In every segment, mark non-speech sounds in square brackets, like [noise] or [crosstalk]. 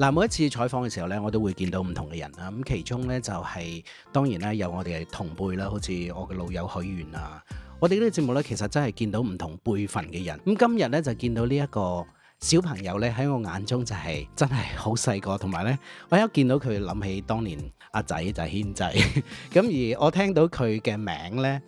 嗱，每一次採訪嘅時候咧，我都會見到唔同嘅人啦。咁其中咧就係當然啦，有我哋嘅同輩啦，好似我嘅老友許願啊。我哋呢啲節目咧，其實真係見到唔同輩份嘅人。咁今日咧就見到呢一個小朋友咧，喺我眼中就係真係好細個，同埋咧我一見到佢，諗起當年阿仔就係軒仔。咁而我聽到佢嘅名咧。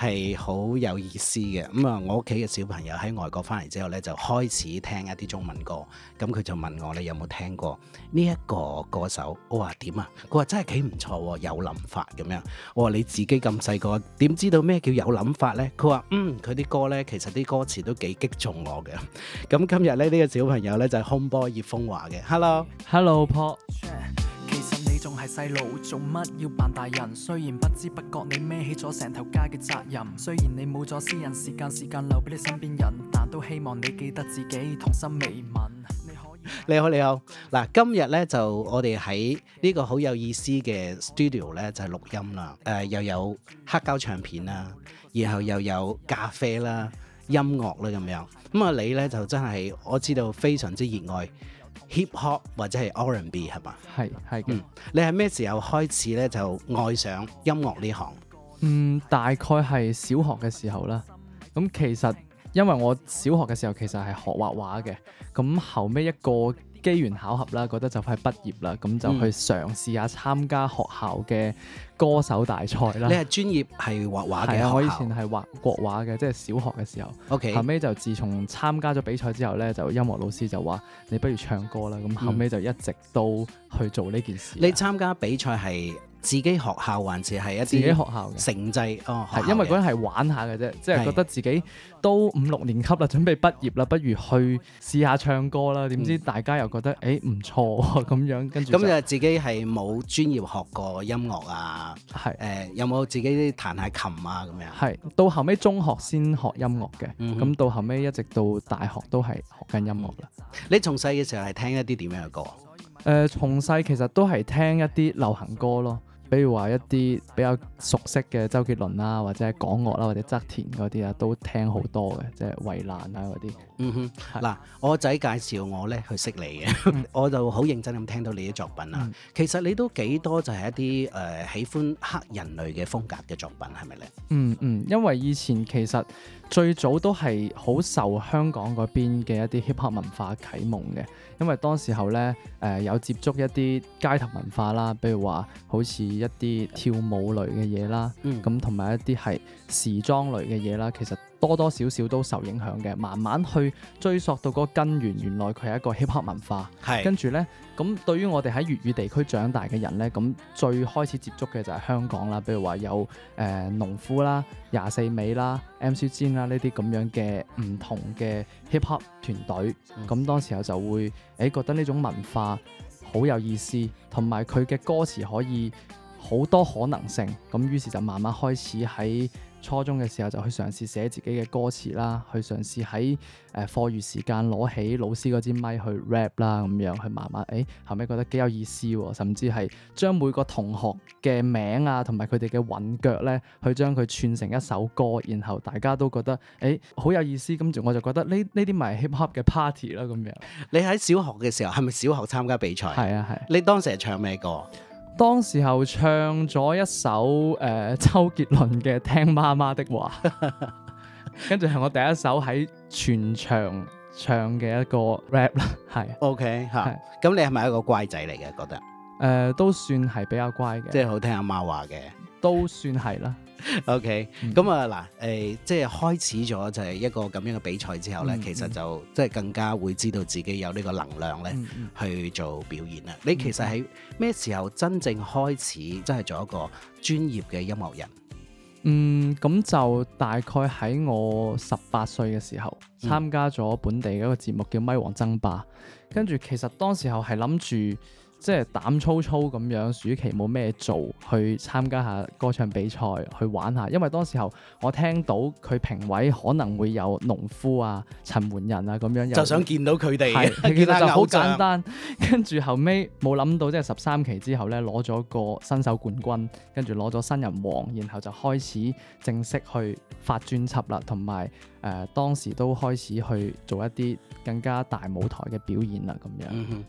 係好有意思嘅，咁、嗯、啊，我屋企嘅小朋友喺外國翻嚟之後呢，就開始聽一啲中文歌，咁、嗯、佢就問我，你有冇聽過呢一個歌手？我話點啊？佢話真係幾唔錯喎，有諗法咁樣，我話你自己咁細個點知道咩叫有諗法呢？佢話嗯，佢啲歌呢，其實啲歌詞都幾擊中我嘅，咁、嗯、今日呢呢、這個小朋友呢，就係 HomeBoy 葉楓華嘅。hello hello Paul。仲係細路，做乜要扮大人？雖然不知不覺你孭起咗成頭家嘅責任，雖然你冇咗私人時間，時間留俾你身邊人，但都希望你記得自己童心未泯。你可以你好，你好，嗱，今日呢，就我哋喺呢個好有意思嘅 studio 呢，就係錄音啦，誒又有黑膠唱片啦，然後又有咖啡啦、音樂啦咁樣，咁、嗯、啊你呢就真係我知道非常之熱愛。Hip Hop 或者係 R&B 係嘛？係，係嘅。嗯，你係咩時候開始咧就愛上音樂呢行？嗯，大概係小學嘅時候啦。咁其實因為我小學嘅時候其實係學畫畫嘅。咁後尾一個機緣巧合啦，覺得就快畢業啦，咁，嗯，就去嘗試下參加學校嘅歌手大賽啦。你係專業係畫畫嘅？我對，學校，以前係畫國畫嘅，即係小學嘅時候。Okay. 後尾就自從參加咗比賽之後呢，就音樂老師就話你不如唱歌啦。咁後尾就一直都去做呢件事。你參加比賽係？自己學校還是係一啲自己學校嘅成績哦，係因為嗰陣係玩下嘅啫，是即係覺得自己都五六年級啦，準備畢業啦，不如去試下唱歌啦。點知大家又覺得誒唔、嗯欸、錯喎、啊、咁樣，跟住咁就自己係冇專業學過音樂啊。係誒是、呃，有冇自己彈下琴啊？咁樣係到後尾中學先學音樂嘅，咁、嗯、到後尾一直到大學都係學緊音樂啦。嗯、你從細嘅時候係聽一啲點樣嘅歌？誒、呃，從細其實都係聽一啲流行歌咯。比如話一啲比較熟悉嘅周杰倫啦，或者港樂啦，或者側田嗰啲啊，都聽好多嘅，即係衞蘭啊嗰啲。嗯哼，嗱是，我仔介紹我咧去識你嘅， [laughs] 我就好認真咁聽到你嘅作品啦。嗯、其實你都幾多就係一啲誒、呃、喜歡黑人類嘅風格嘅作品，係咪咧？嗯嗯，因為以前其實最早都係好受香港嗰邊嘅一啲 hip hop 文化啟蒙嘅。因為當時候呢，呃，有接觸一啲街頭文化啦，比如話好似一啲跳舞類嘅嘢啦，咁同埋一啲係時裝類嘅嘢啦，其實。多多少少都受影響嘅，慢慢去追溯到個根源，原來佢係一個 hip hop 文化。係是，跟住咧，咁對於我哋喺粵語地區長大嘅人咧，咁最開始接觸嘅就係香港啦，比如話有誒、呃、農夫啦、廿四美啦、MC Jin 啦呢啲咁樣嘅唔同嘅 hip hop 團隊，咁、嗯、當時候就會誒覺得呢種文化好有意思，同埋佢嘅歌詞可以好多可能性。咁於是就慢慢開始喺。初中嘅時候就去嘗試寫自己嘅歌詞啦，去嘗試喺誒課餘時間攞起老師嗰支咪，咪去 rap 啦，咁樣去慢慢，誒、欸、後尾覺得幾有意思喎，甚至係將每個同學嘅名啊，同埋佢哋嘅韻腳咧，去將佢串成一首歌，然後大家都覺得誒好、欸、有意思，咁就我就覺得呢呢啲咪 hip hop 嘅 party 啦、啊、咁樣。你喺小學嘅時候係咪小學參加比賽？係啊係。啊你當時係唱咩歌？當時候唱咗一首誒、呃、周杰倫嘅聽媽媽的話，跟住係我第一首喺全場唱嘅一個 rap 啦，係 OK 吓係。咁你係咪一個乖仔嚟嘅？覺得誒、呃，都算係比較乖嘅，即係好聽阿媽話嘅，都算係啦。OK，咁啊嗱，誒、嗯，即係開始咗就係一個咁樣嘅比賽之後咧，嗯嗯，其實就即係更加會知道自己有呢個能量咧，去做表演啦。嗯嗯，你其實喺咩時候真正開始，即係做一個專業嘅音樂人？嗯，咁就大概喺我十八歲嘅時候，參加咗本地嘅一個節目叫《咪王爭霸》，跟住其實當時候係諗住。即係膽粗粗咁樣，暑期冇咩做，去參加下歌唱比賽，去玩下。因為當時候我聽到佢評委可能會有農夫啊、陳奐仁啊咁樣，就想見到佢哋。其實對就好簡單。跟住 [laughs] 像後尾冇諗到，即係十三期之後咧，攞咗個新手冠軍，跟住攞咗新人王，然後就開始正式去發專輯啦，同埋誒當時都開始去做一啲更加大舞台嘅表演啦，咁樣。Mm hmm.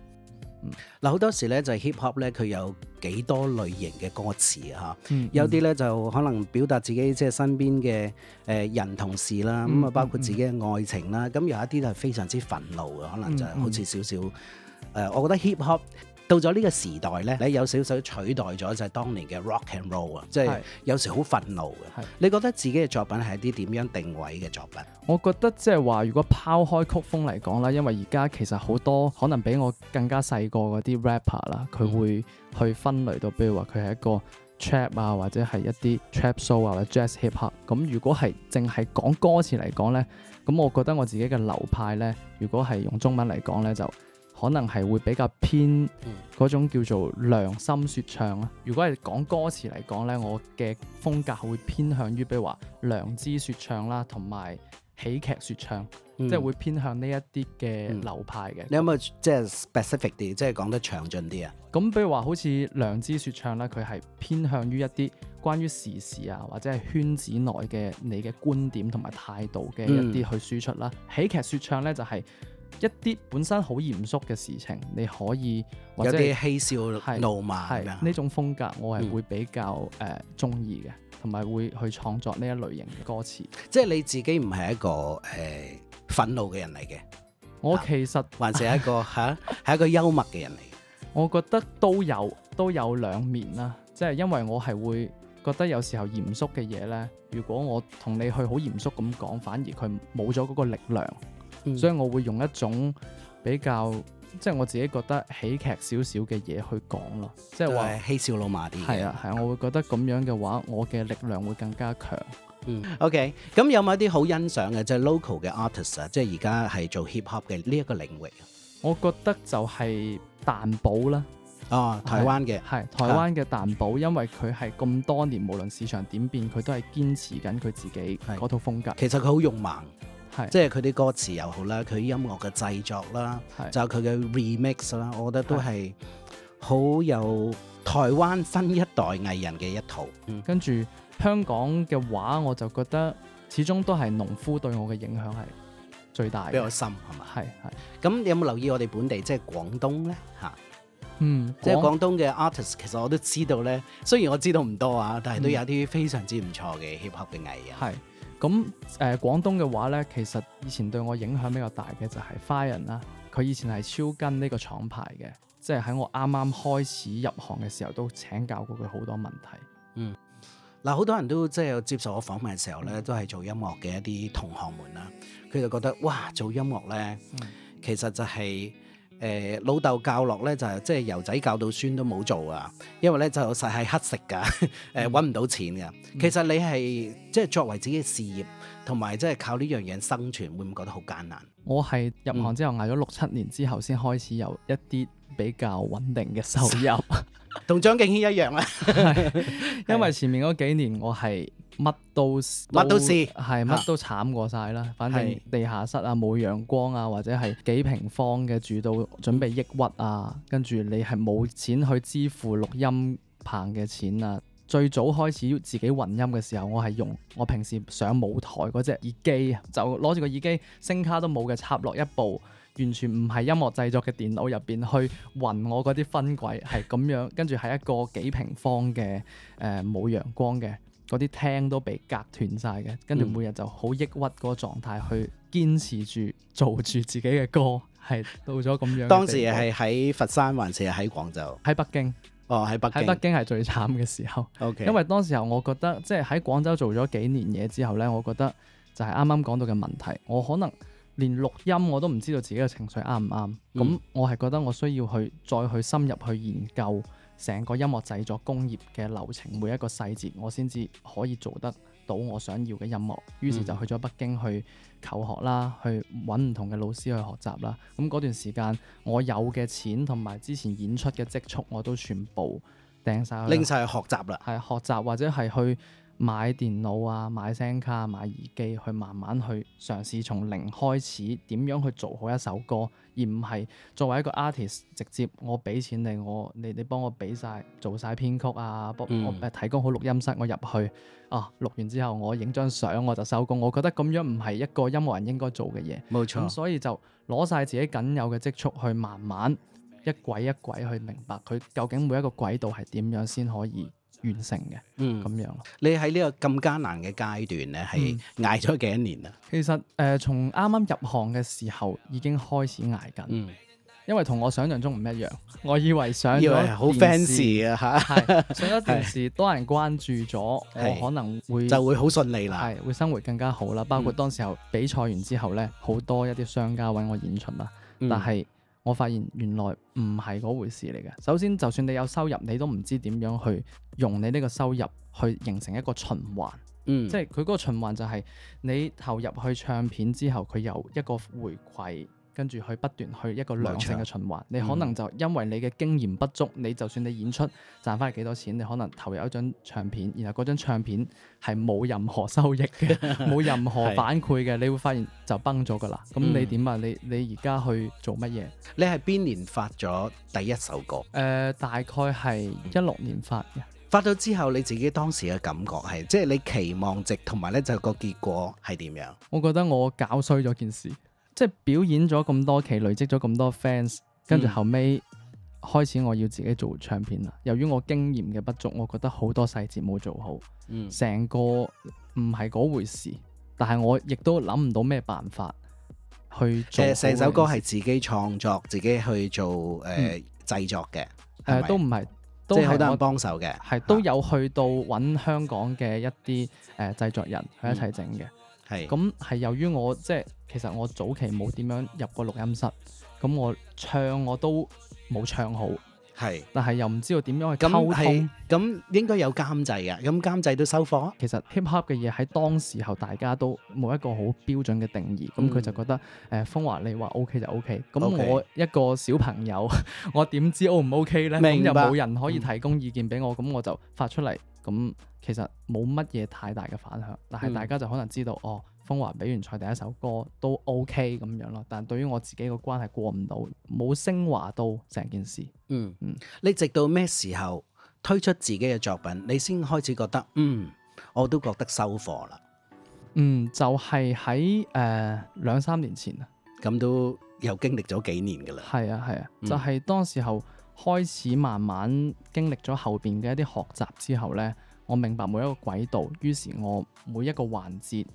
嗱好、嗯嗯嗯、多時咧就係、hip hop 咧佢有幾多類型嘅歌詞啊，嗯、有啲咧就可能表達自己即係身邊嘅誒人同事啦，咁啊、嗯、包括自己嘅愛情啦，咁、嗯嗯、有一啲係非常之憤怒嘅，可能就係好似少少誒、嗯嗯呃，我覺得 hip hop。到咗呢個時代咧，你有少少取代咗就係當年嘅 rock and roll 啊，即係有時好憤怒嘅。的你覺得自己嘅作品係啲點樣定位嘅作品？我覺得即係話，如果拋開曲風嚟講啦，因為而家其實好多可能比我更加細個嗰啲 rapper 啦，佢會去分類到，比如話佢係一個 trap 啊，或者係一啲 trap show 啊，或者 jazz hip hop。咁如果係淨係講歌詞嚟講咧，咁我覺得我自己嘅流派咧，如果係用中文嚟講咧，就。可能係會比較偏嗰種叫做良心説唱咯。如果係講歌詞嚟講咧，我嘅風格會偏向於，比如話良知説唱啦，同埋喜劇説唱，說唱嗯、即係會偏向呢一啲嘅流派嘅。你有冇即係 specific 啲，即係講得詳盡啲啊？咁比如話好似良知説唱咧，佢係偏向於一啲關於時事啊，或者係圈子內嘅你嘅觀點同埋態度嘅一啲去輸出啦。嗯、喜劇説唱咧就係、是。一啲本身好嚴肅嘅事情，你可以或者有啲嬉笑怒罵，呢者種風格我係會比較誒鍾意嘅，同埋、嗯、會去創作呢一類型嘅歌詞。即係你自己唔係一個誒、呃、憤怒嘅人嚟嘅，我其實或者係一個嚇係 [laughs] 一個幽默嘅人嚟。我覺得都有都有兩面啦，即、就、係、是、因為我係會覺得有時候嚴肅嘅嘢呢，如果我同你去好嚴肅咁講，反而佢冇咗嗰個力量。嗯、所以我會用一種比較，即、就、係、是、我自己覺得喜劇少少嘅嘢去講咯，即係話嬉笑怒罵啲嘢。係啊係啊，的的我會覺得咁樣嘅話，我嘅力量會更加強。嗯，OK，咁有冇一啲好欣賞嘅，即、就、係、是、local 嘅 artist 啊？即係而家係做 hip hop 嘅呢一個領域。我覺得就係蛋堡啦。啊、哦，台灣嘅係台灣嘅蛋堡，因為佢係咁多年，無論市場點變，佢都係堅持緊佢自己嗰套風格。其實佢好肉麻。的係即係佢啲歌詞又好啦，佢音樂嘅製作啦，係就佢嘅 remix 啦，我覺得都係好有台灣新一代藝人嘅一套。嗯、跟住香港嘅話，我就覺得始終都係農夫對我嘅影響係最大，比較深係嘛？係係。咁有冇留意我哋本地即係廣東咧？吓、啊，嗯，即係廣東嘅 artist，其實我都知道咧。雖然我知道唔多啊，但係都有啲非常之唔錯嘅 hip hop 嘅藝人。係。咁誒、呃、廣東嘅話呢，其實以前對我影響比較大嘅就係 Fire 人啦，佢以前係超跟呢個廠牌嘅，即係喺我啱啱開始入行嘅時候都請教過佢好多問題。嗯，嗱好多人都即係有接受我訪問嘅時候呢，都係做音樂嘅一啲同學們啦，佢就覺得哇做音樂呢，其實就係、是。誒、嗯、老豆教落咧就係即係由仔教到孫都冇做啊，因為咧就實係乞食噶，誒，揾唔到錢噶。其實你係即係作為自己嘅事業，同埋即係靠呢樣嘢生存，會唔會覺得好艱難？我係入行之後捱咗、嗯、六七年之後，先開始有一啲比較穩定嘅收入，同 [laughs] 張 [laughs] 敬軒一樣啊， [laughs] [laughs] 因為前面嗰幾年我係。乜都乜都事係乜都慘過晒啦，啊、反正地下室啊，冇陽光啊，或者係幾平方嘅住到準備抑鬱啊，跟住你係冇錢去支付錄音棚嘅錢啊。最早開始自己混音嘅時候，我係用我平時上舞台嗰隻耳機啊，就攞住個耳機，聲卡都冇嘅，插落一部完全唔係音樂製作嘅電腦入邊去混我嗰啲分軌，係咁樣跟住係一個幾平方嘅誒冇陽光嘅。嗰啲聽都被隔斷晒嘅，跟住每日就好抑鬱嗰個狀態去堅持住做住自己嘅歌，係到咗咁樣。當時係喺佛山，還是喺廣州？喺北京。哦，喺北京。喺北京係最慘嘅時候。O K。因為當時候我覺得，即係喺廣州做咗幾年嘢之後呢，我覺得就係啱啱講到嘅問題，我可能連錄音我都唔知道自己嘅情緒啱唔啱。咁、嗯、我係覺得我需要去再去深入去研究。成個音樂製作工業嘅流程，每一個細節，我先至可以做得到我想要嘅音樂。於是就去咗北京去求學啦，去揾唔同嘅老師去學習啦。咁、嗯、嗰段時間，我有嘅錢同埋之前演出嘅積蓄，我都全部掟晒去。拎晒去學習啦。係學習或者係去買電腦啊，買聲卡、啊，買耳機，去慢慢去嘗試從零開始點樣去做好一首歌，而唔係作為一個 artist 直接我俾錢你，我你你幫我俾晒，做晒編曲啊，我提供好錄音室，我入去啊錄完之後我影張相我就收工。我覺得咁樣唔係一個音樂人應該做嘅嘢。冇錯。咁、嗯、所以就攞晒自己僅有嘅積蓄去慢慢一軌一軌去明白佢究竟每一個軌道係點樣先可以。完成嘅，嗯，咁樣咯。你喺呢個咁艱難嘅階段咧，係挨咗幾多年啊、嗯？其實誒、呃，從啱啱入行嘅時候已經開始挨緊，嗯，因為同我想象中唔一樣。我以為上咗好 fancy 嘅吓，係上咗電視，多人關注咗，是我可能會就會好順利啦，係會生活更加好啦。包括當時候比賽完之後咧，好多一啲商家揾我演出啦、嗯，但係。我發現原來唔係嗰回事嚟嘅。首先，就算你有收入，你都唔知點樣去用你呢個收入去形成一個循環。嗯，即係佢嗰個循環就係你投入去唱片之後，佢有一個回饋。跟住去不斷去一個良性嘅循環，錯你可能就因為你嘅經驗不足，你就算你演出賺翻幾多錢，你可能投入一張唱片，然後嗰張唱片係冇任何收益嘅，冇 [laughs] 是任何反饋嘅，你會發現就崩咗噶啦。咁、嗯、你點啊？你你而家去做乜嘢？你係邊年發咗第一首歌？誒、呃，大概係一六年發嘅。發咗之後，你自己當時嘅感覺係，即、就、係、是、你期望值同埋呢就個結果係點樣？我覺得我搞衰咗件事。即係表演咗咁多期，累積咗咁多 fans，跟住後尾開始我要自己做唱片啦。由於我經驗嘅不足，我覺得好多細節冇做好，成、嗯、個唔係嗰回事。但係我亦都諗唔到咩辦法去做。做成、呃、首歌係自己創作、自己去做誒、呃嗯、製作嘅，誒、呃、都唔係都有人幫手嘅，係都有去到揾香港嘅一啲誒製作人去一齊整嘅。係，咁係是由於我即係其實我早期冇點樣入過錄音室，咁我唱我都冇唱好，係是，但係又唔知道點樣去溝通。咁係，咁應該有監製㗎，咁監製都收貨啊。其實 hip hop 嘅嘢喺當時候大家都冇一個好標準嘅定義，咁佢、嗯、就覺得誒楓、呃、華你話 O K 就 O K，咁我一個小朋友， [laughs] 我點知 O 唔 O K 咧？明白，又冇人可以提供意見俾我，咁、嗯、我就發出嚟。咁其實冇乜嘢太大嘅反響，但係大家就可能知道、嗯、哦，楓華比完賽第一首歌都 OK 咁樣咯。但係對於我自己個關係過唔到，冇升華到成件事。嗯嗯,你直到咩時候推出自己嘅作品，你先開始覺得嗯，我都覺得收貨啦。嗯，就係喺誒兩三年前啊。咁都又經歷咗幾年噶啦。係啊係啊，就係、是、當時候。嗯開始慢慢經歷咗後邊嘅一啲學習之後呢，我明白每一個軌道，於是我每一個環節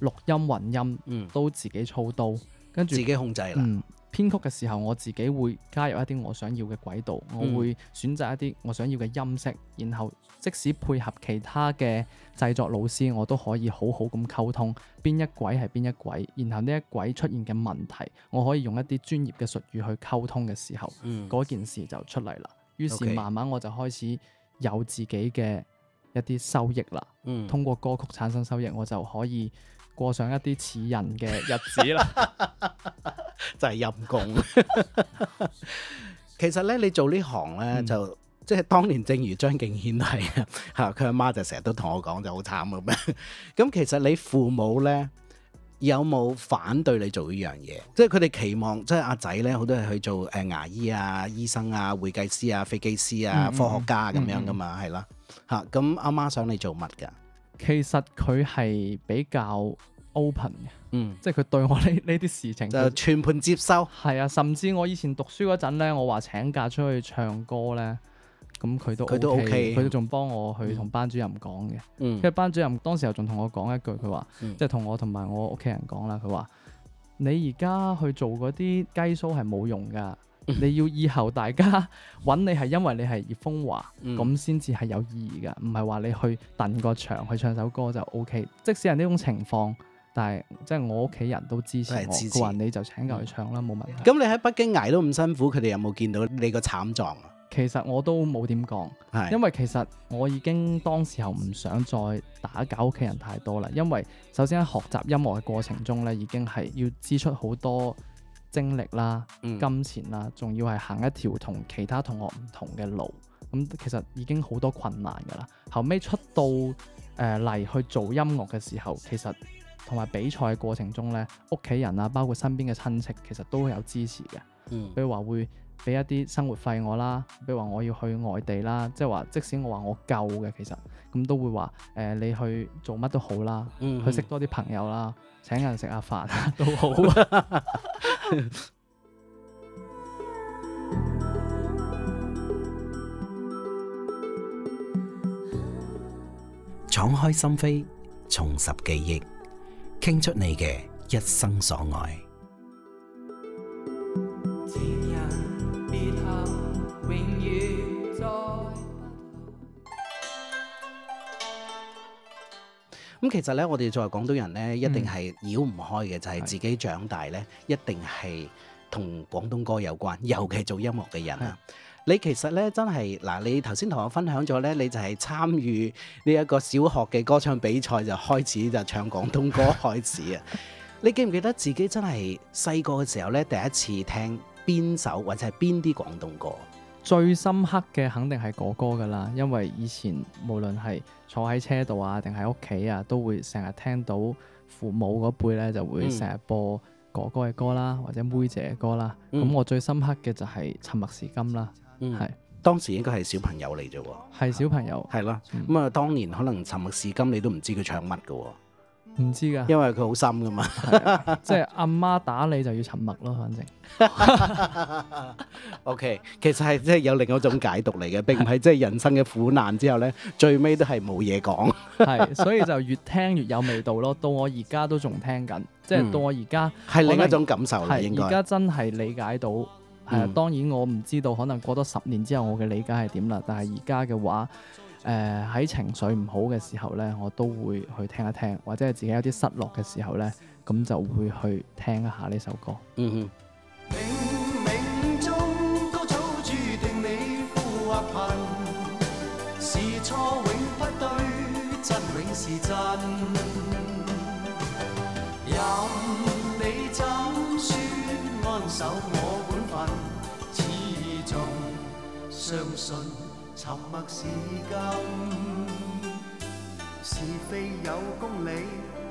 錄音、混音，都自己操刀，跟住自己控制啦。嗯編曲嘅時候，我自己會加入一啲我想要嘅軌道，我會選擇一啲我想要嘅音色，然後即使配合其他嘅製作老師，我都可以好好咁溝通邊一軌係邊一軌，然後呢一軌出現嘅問題，我可以用一啲專業嘅術語去溝通嘅時候，嗰、嗯、件事就出嚟啦。於是慢慢我就開始有自己嘅一啲收益啦。嗯、通過歌曲產生收益，我就可以過上一啲似人嘅日子啦， [laughs] [laughs] 就係陰功。 [laughs] 其實咧，你做呢行咧，就即係當年，正如張敬軒係啊，吓佢阿媽就成日都同我講，就好慘咁樣。咁其實你父母咧有冇反對你做呢樣嘢？即係佢哋期望，即係阿仔咧，好多係去做誒牙醫啊、醫生啊、會計師啊、飛機師啊、嗯嗯嗯科學家咁樣噶嘛，係啦，吓咁阿媽想你做乜噶？其實佢係比較 open 嘅，嗯，即係佢對我呢呢啲事情就全盤接收，係啊，甚至我以前讀書嗰陣咧，我話請假出去唱歌咧，咁佢都佢都 OK，佢都仲幫我去同班主任講嘅，嗯，嗯，因為班主任當時候仲同我講一句，佢話即係同我同埋我屋企人講啦，佢話你而家去做嗰啲雞騷係冇用㗎。嗯、你要以後大家揾你係因為你係葉楓華，咁先至係有意義㗎，唔係話你去鄧個場去唱首歌就 O、OK、K。即使係呢種情況，但係即係我屋企人都支持我，個人、嗯、你就請教去唱啦，冇、嗯、問題。咁、嗯、你喺北京捱都咁辛苦，佢哋有冇見到你個慘狀啊？其實我都冇點講，係的因為其實我已經當時候唔想再打攪屋企人太多啦。因為首先喺學習音樂嘅過程中咧，已經係要支出好多。精力啦、嗯、金錢啦，仲要係行一條同其他同學唔同嘅路，咁其實已經好多困難㗎喇。後尾出到誒嚟去做音樂嘅時候，其實同埋比賽嘅過程中咧，屋企人啊，包括身邊嘅親戚，其實都有支持嘅，嗯、比如話會，俾一啲生活費我啦，比如話我要去外地啦，即係話即使我話我夠嘅，其實咁都會話，誒、呃，你去做乜都好啦，去識多啲朋友啦，請人食下飯都好。敞 [laughs] [laughs] 開心扉，重拾記憶，傾出你嘅一生所愛。咁其實咧，我哋作為廣東人咧，一定係繞唔開嘅，嗯、就係自己長大咧，一定係同廣東歌有關。尤其係做音樂嘅人啊，嗯、你其實咧真係嗱，你頭先同我分享咗咧，你就係參與呢一個小學嘅歌唱比賽就開始就唱廣東歌開始啊。 [laughs] 你記唔記得自己真係細個嘅時候咧，第一次聽邊首或者係邊啲廣東歌？最深刻嘅肯定係哥哥噶啦，因為以前無論係坐喺車度啊，定喺屋企啊，都會成日聽到父母嗰輩咧就會成日播哥哥嘅歌啦，或者妹姐嘅歌啦。咁、嗯、我最深刻嘅就係《沉默是金》啦，係、嗯、是當時應該係小朋友嚟啫喎，係小朋友，係啦。咁啊，當年可能《沉默是金》你都唔知佢唱乜㗎。唔知噶，因為佢好深噶嘛，即係阿媽打你就要沉默咯，反正。 [laughs] [laughs] o、okay, K，其實係即係有另一種解讀嚟嘅， [laughs] 並唔係即係人生嘅苦難之後咧，最尾都係冇嘢講。係， [laughs] 所以就越聽越有味道咯。到我而家都仲聽緊，即係到我而家係另一種感受。係而家真係理解到，係啊、嗯。當然我唔知道，可能過多十年之後我嘅理解係點啦。但係而家嘅話。誒喺、呃、情緒唔好嘅時候呢，我都會去聽一聽，或者係自己有啲失落嘅時候呢，咁就會去聽一下呢首歌。嗯哼。冥冥中沉默是金，是非有公理，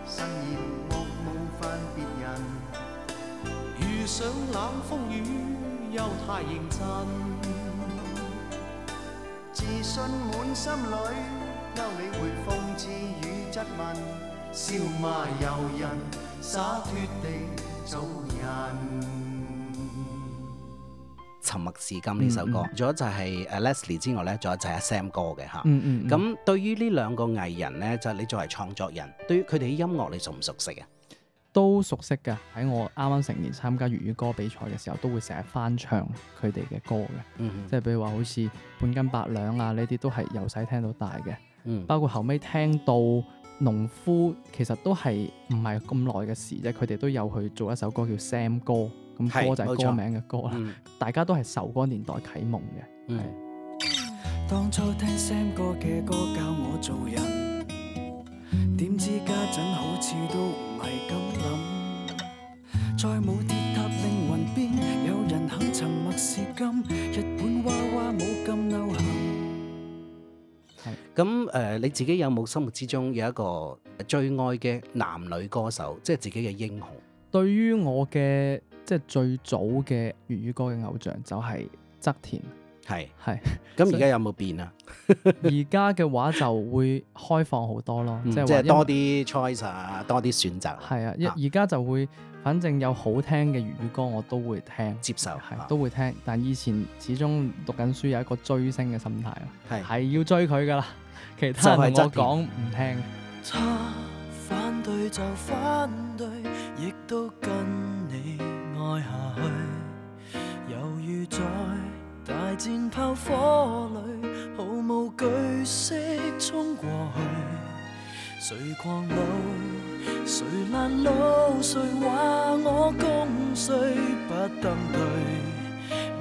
慎言莫冒犯別人。遇上冷風雨，又太認真，自信滿心裏，休理會諷刺與質問，笑罵由人，灑脫地做人。沉默是金呢首歌，仲、嗯、有就係 Leslie 之外咧，仲有就係 Sam 哥嘅吓。咁、嗯嗯、對於呢兩個藝人咧，就係、你作為創作人，對於佢哋啲音樂你熟唔熟悉啊？都熟悉㗎，喺我啱啱成年參加粵語歌比賽嘅時候，都會成日翻唱佢哋嘅歌嘅。即係比如話好似半斤八兩啊呢啲，都係由細聽到大嘅。嗯、包括後尾聽到農夫，其實都係唔係咁耐嘅事啫。佢哋都有去做一首歌叫 Sam 歌。咁歌就係歌名嘅歌啦，大家都係受嗰個年代啟蒙嘅。係。當初聽 Sam 哥嘅歌教我做人，點知家陣好似都唔係咁諗。再冇鐵塔靈魂邊有人肯沉默是金，日本娃娃冇咁流行。係咁誒，你自己有冇心目之中有一個最愛嘅男女歌手，即係自己嘅英雄？對於我嘅。即係最早嘅粵語歌嘅偶像就係側田，係。係咁而家有冇變啊？而家嘅話就會開放好多咯。嗯、即係多啲 choice 啊，多啲選擇。係啊！而家就會，反正有好聽嘅粵語歌我都會聽接受，係、啊、都會聽。但以前始終讀緊書有一個追星嘅心態，係，係要追佢噶啦。其他同我講唔聽。就愛下去，猶如在大戰炮火裏，毫無懼色衝過去。誰狂怒？誰攔路？誰話我共誰不登對？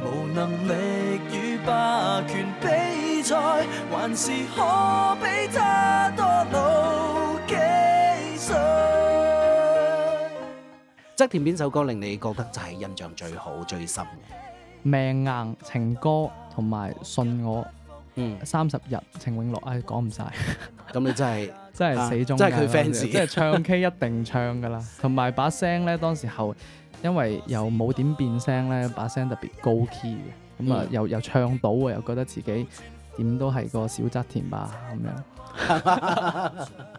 無能力與霸權比賽，還是可比他多老幾歲？側田邊首歌令你覺得就係印象最好最深，嘅？命硬情歌同埋信我，嗯，三十日程永樂，哎嗯， [laughs] 啊，講唔晒。咁你真係真係死忠真係佢 fans，真係唱 K 一定唱噶啦。同埋 [laughs] 把聲咧，當時候因為又冇點變聲咧，把聲特別高 key 嘅，咁啊又，嗯，又唱到啊，又覺得自己點都係個小側田吧咁樣。 [laughs] [laughs]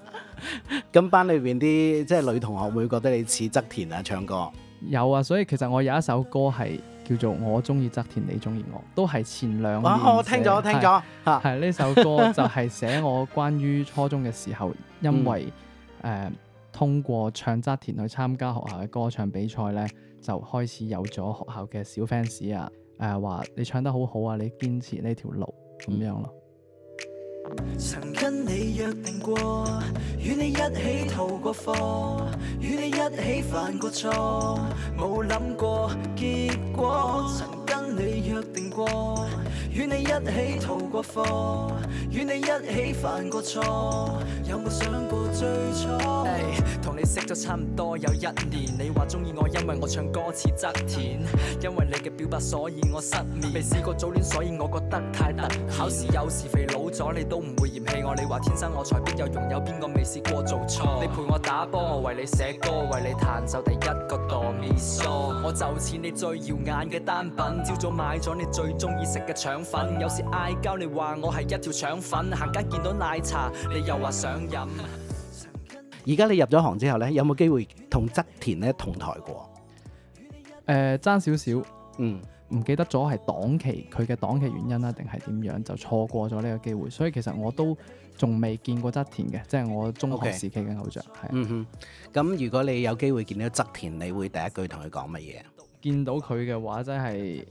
咁 [laughs] 班裏邊啲即係女同學會覺得你似側田啊，唱歌有啊。所以其實我有一首歌係叫做我中意側田，你中意我，都係前兩個。哇，我聽咗，聽咗，係呢是 [laughs] 首歌就係寫我關於初中嘅時候，因為誒、嗯呃、通過唱側田去參加學校嘅歌唱比賽咧，就開始有咗學校嘅小 fans 啊，誒、呃、話你唱得好好啊，你堅持呢條路咁樣咯。嗯曾跟你約定過，與你一起逃過課，與你一起犯過錯，冇諗過結果。曾跟你約定過，與你一起逃過課，與你一起犯過錯，有冇想過最初？同、hey, 你識咗差唔多有一年，你話中意我因為我唱歌似側田。因為你嘅表白所以我失眠，未試過早戀所以我覺得太難，考試有時肥佬。 [music] 咗你都唔會嫌棄我，你話天生我材必有用，有邊個未試過做錯？你陪我打波，我為你寫歌，為你彈奏第一個哆咪嗦。我就似你最耀眼嘅單品，朝早買咗你最中意食嘅腸粉。有時嗌交，你話我係一條腸粉，行街見到奶茶，你又話想飲。而家你入咗行之後咧，有冇機會同側田咧同台過？誒爭少少，點點嗯。唔記得咗係檔期佢嘅檔期原因啦，定係點樣就錯過咗呢個機會。所以其實我都仲未見過側田嘅，即係我中學時期嘅偶像。Okay. 是嗯哼。咁如果你有機會見到側田，你會第一句同佢講乜嘢？見到佢嘅話真係、就是，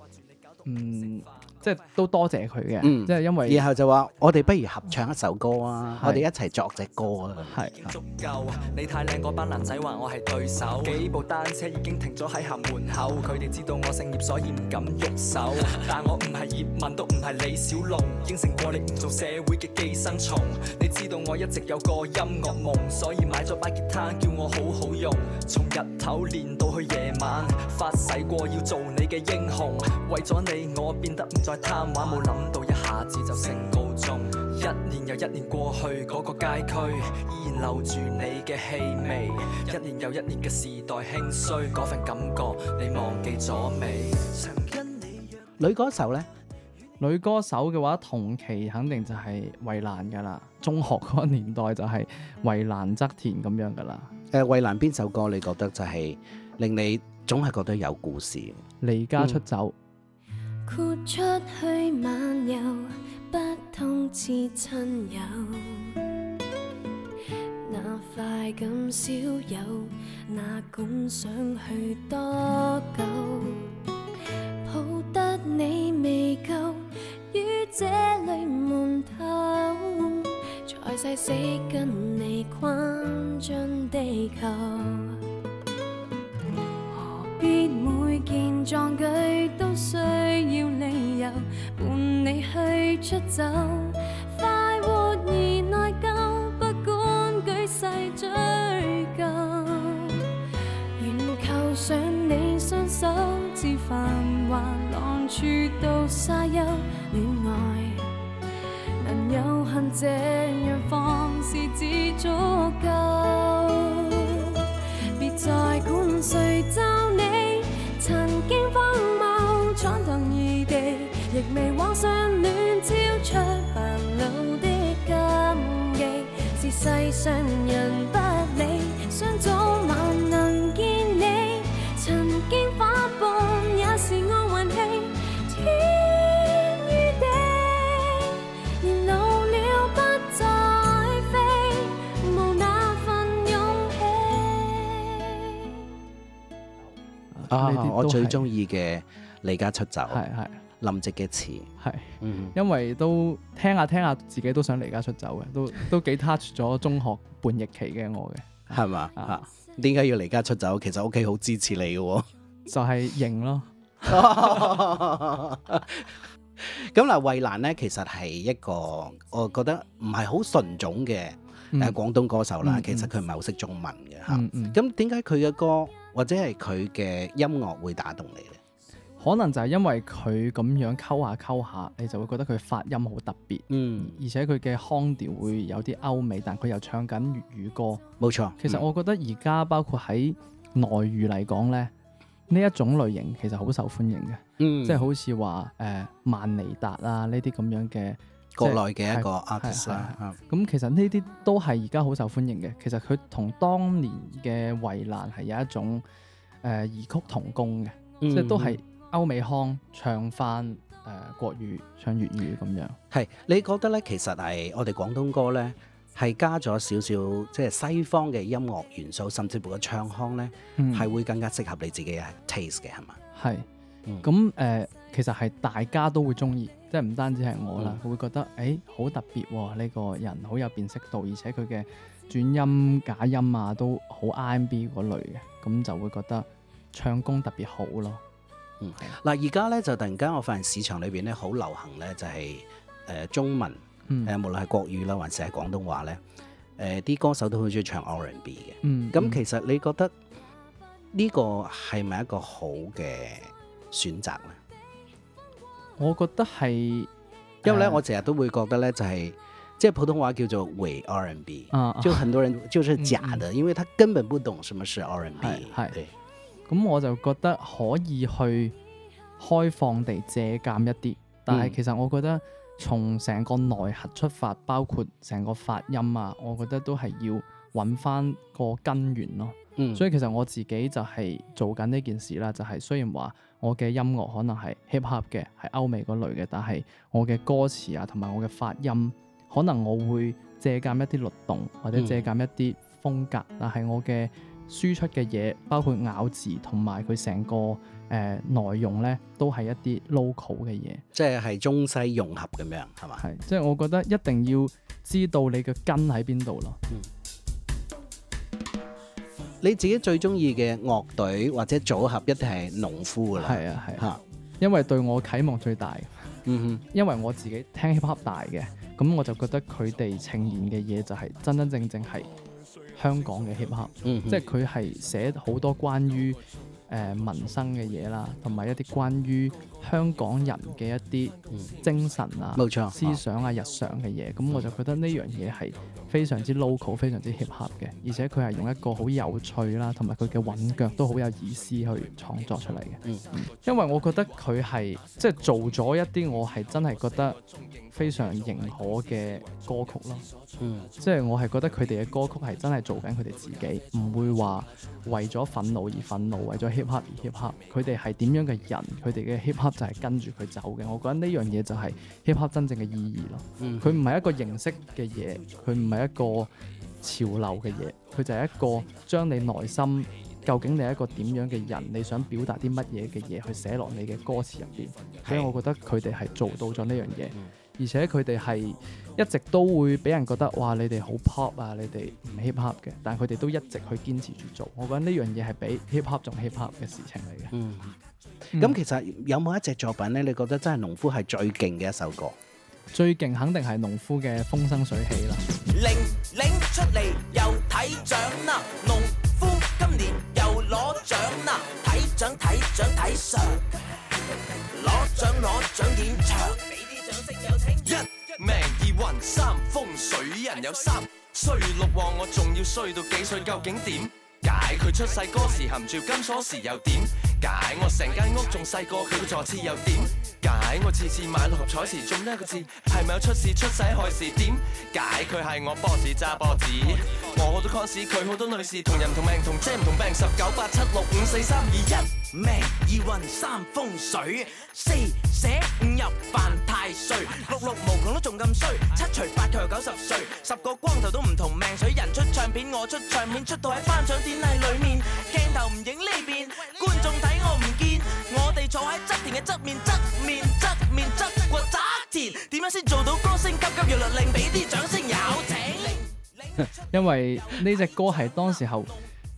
嗯。即係都多謝佢嘅，即係因為以後就話我哋不如合唱一首歌啊！我哋一齊作隻歌啊！係足夠，你太靚班男仔話我係對手，幾部單車已經停咗喺校門口，佢哋知道我姓葉所以唔敢喐手，但我唔係葉問都唔係李小龍，應承過你唔做社會嘅寄生蟲，你知道我一直有個音樂夢，所以買咗把吉他叫我好好用，從日頭練到去夜晚，發誓過要做你嘅英雄，為咗你我變得唔。貪玩冇諗到一下子就升高中。一年又一年過去，嗰個街區依然留住你嘅氣味。一年又一年嘅時代興衰，嗰份感覺你忘記咗未？女歌手呢，女歌手嘅話同期肯定就係衛蘭㗎喇，中學嗰個年代就係衛蘭、側田咁樣㗎喇。誒，衛蘭邊首歌你覺得就係、是、令你總係覺得有故事？離家出走。豁出去漫遊，不通知親友，那快感少有，哪管想去多久？抱得你未夠，於這裏悶透，才誓死跟你逛盡地球。必每件壯舉都需要理由，伴你去出走，快活而內疚，不管舉世追究。願靠上你雙手，自繁華浪處到沙丘，戀愛能有幸這樣放肆至足夠，別再管誰。世上人不理，想早晚能見你。曾經反叛也是我運氣。天與地，年老了不再飛，無那份勇氣。啊啊、我最中意嘅離家出走，啊啊林夕嘅詞係，嗯、因為都聽下聽下，自己都想離家出走嘅，都都幾 touch 咗中學叛逆期嘅我嘅，係嘛嚇？點解、啊、要離家出走？其實屋企好支持你嘅，就係型咯。咁嗱，衛蘭呢，其實係一個我覺得唔係好純種嘅，誒，廣東歌手啦。嗯、其實佢唔係好識中文嘅嚇。咁點解佢嘅歌或者係佢嘅音樂會打動你呢？可能就係因為佢咁樣溝下溝下，你就會覺得佢發音好特別，嗯，而且佢嘅腔調會有啲歐美，但佢又唱緊粵語歌，冇錯。嗯、其實我覺得而家包括喺內娛嚟講咧，呢一種類型其實好受歡迎嘅、嗯呃啊，即係好似話誒萬妮達啦呢啲咁樣嘅國內嘅一個 artist、啊、咁、嗯、其實呢啲都係而家好受歡迎嘅。其實佢同當年嘅衞蘭係有一種誒異、呃、曲同工嘅，即係都係。嗯歐美腔唱翻誒、呃、國語唱粵語咁樣，係你覺得咧？其實係我哋廣東歌咧，係加咗少少即係西方嘅音樂元素，甚至乎個唱腔咧，係、嗯、會更加適合你自己嘅 taste 嘅，係嘛？係，咁、呃、誒，其實係大家都會中意，即係唔單止係我啦，嗯、會覺得誒好、欸、特別呢、啊呢個人，好有辨識度，而且佢嘅轉音、假音啊，都好 R&B 嗰類嘅，咁就會覺得唱功特別好咯。嗱，而家咧就突然間，我發現市場裏邊咧好流行咧，就係、是、誒、呃、中文誒，嗯、無論係國語啦，還是係廣東話咧，誒、呃、啲歌手都好中意唱 R&B 嘅。嗯，咁其實你覺得呢個係咪一個好嘅選擇咧？我覺得係，因為咧、嗯、我成日都會覺得咧，就係、是、即係普通話叫做偽 R&B，即係很多人就是假的，嗯、因為他根本不懂什麼是 R&B。嗨，咁我就覺得可以去開放地借鑑一啲，嗯、但係其實我覺得從成個內核出發，包括成個發音啊，我覺得都係要揾翻個根源咯。嗯、所以其實我自己就係做緊呢件事啦。就係、是、雖然話我嘅音樂可能係 hip hop 嘅，係歐美嗰類嘅，但係我嘅歌詞啊，同埋我嘅發音，可能我會借鑑一啲律動，或者借鑑一啲風格，嗯、但係我嘅輸出嘅嘢包括咬字同埋佢成個誒、呃、內容呢，都係一啲 local 嘅嘢，即係中西融合咁樣，係嘛？係，即係我覺得一定要知道你嘅根喺邊度咯。你自己最中意嘅樂隊或者組合一定係農夫啦。係啊，係嚇、啊，啊、因為對我啟蒙最大。嗯哼，因為我自己聽 hip hop 大嘅，咁我就覺得佢哋呈現嘅嘢就係真真正正係。香港嘅協合，op，嗯、哼即係佢係寫好多關於誒、呃、民生嘅嘢啦，同埋一啲關於香港人嘅一啲精神啊、錯思想啊、日常嘅嘢。咁、嗯、哼我就覺得呢樣嘢係非常之 local、非常之協合嘅，而且佢係用一個好有趣啦，同埋佢嘅韻腳都好有意思去創作出嚟嘅。嗯、哼因為我覺得佢係即係做咗一啲我係真係覺得非常認可嘅歌曲咯。嗯，即係我係覺得佢哋嘅歌曲係真係做緊佢哋自己，唔會話為咗憤怒而憤怒，為咗 hip hop 而 hip hop。佢哋係點樣嘅人，佢哋嘅 hip hop 就係跟住佢走嘅。我覺得呢樣嘢就係 hip hop 真正嘅意義咯。佢唔係一個形式嘅嘢，佢唔係一個潮流嘅嘢，佢就係一個將你內心究竟你係一個點樣嘅人，你想表達啲乜嘢嘅嘢去寫落你嘅歌詞入邊。所以我覺得佢哋係做到咗呢樣嘢，而且佢哋係。一直都會俾人覺得哇，你哋好 pop 啊，你哋唔 hip hop 嘅，但係佢哋都一直去堅持住做，我覺得呢樣嘢係比 hip hop 仲 hip hop 嘅事情嚟嘅。嗯，咁、嗯、其實有冇一隻作品呢？你覺得真係農夫係最勁嘅一首歌？嗯、最勁肯定係農夫嘅《風生水起》啦。拎拎出嚟又睇獎啦，農夫今年又攞獎啦，睇獎睇獎睇上，攞獎攞獎現場，俾啲掌聲有請。一命二運三風水人有三衰六旺，我仲要衰到幾歲？究竟點解佢出世嗰時含住金鎖匙又點解？我成間屋仲細過佢嘅坐廁又點？解我次次買六合彩時中一個字，係咪有出事出使害事？點解佢係我 boss 揸波子？我好多 cons，佢好多女士，同人唔同命，同姐唔同病。十九八七六五四三二一命，二運三風水，四捨五入犯太歲，六六無窮都仲咁衰，七除八佢又九十歲，十個光頭都唔同命水。水人出唱片，我出唱片，出到喺頒獎典禮裏面，鏡頭唔影呢邊觀眾睇我。唔。坐喺側田嘅側面，側面，側面，側過側側田，點樣先做到歌聲急急如律令，畀啲掌聲有請。 [laughs] 因為呢隻歌係當時候。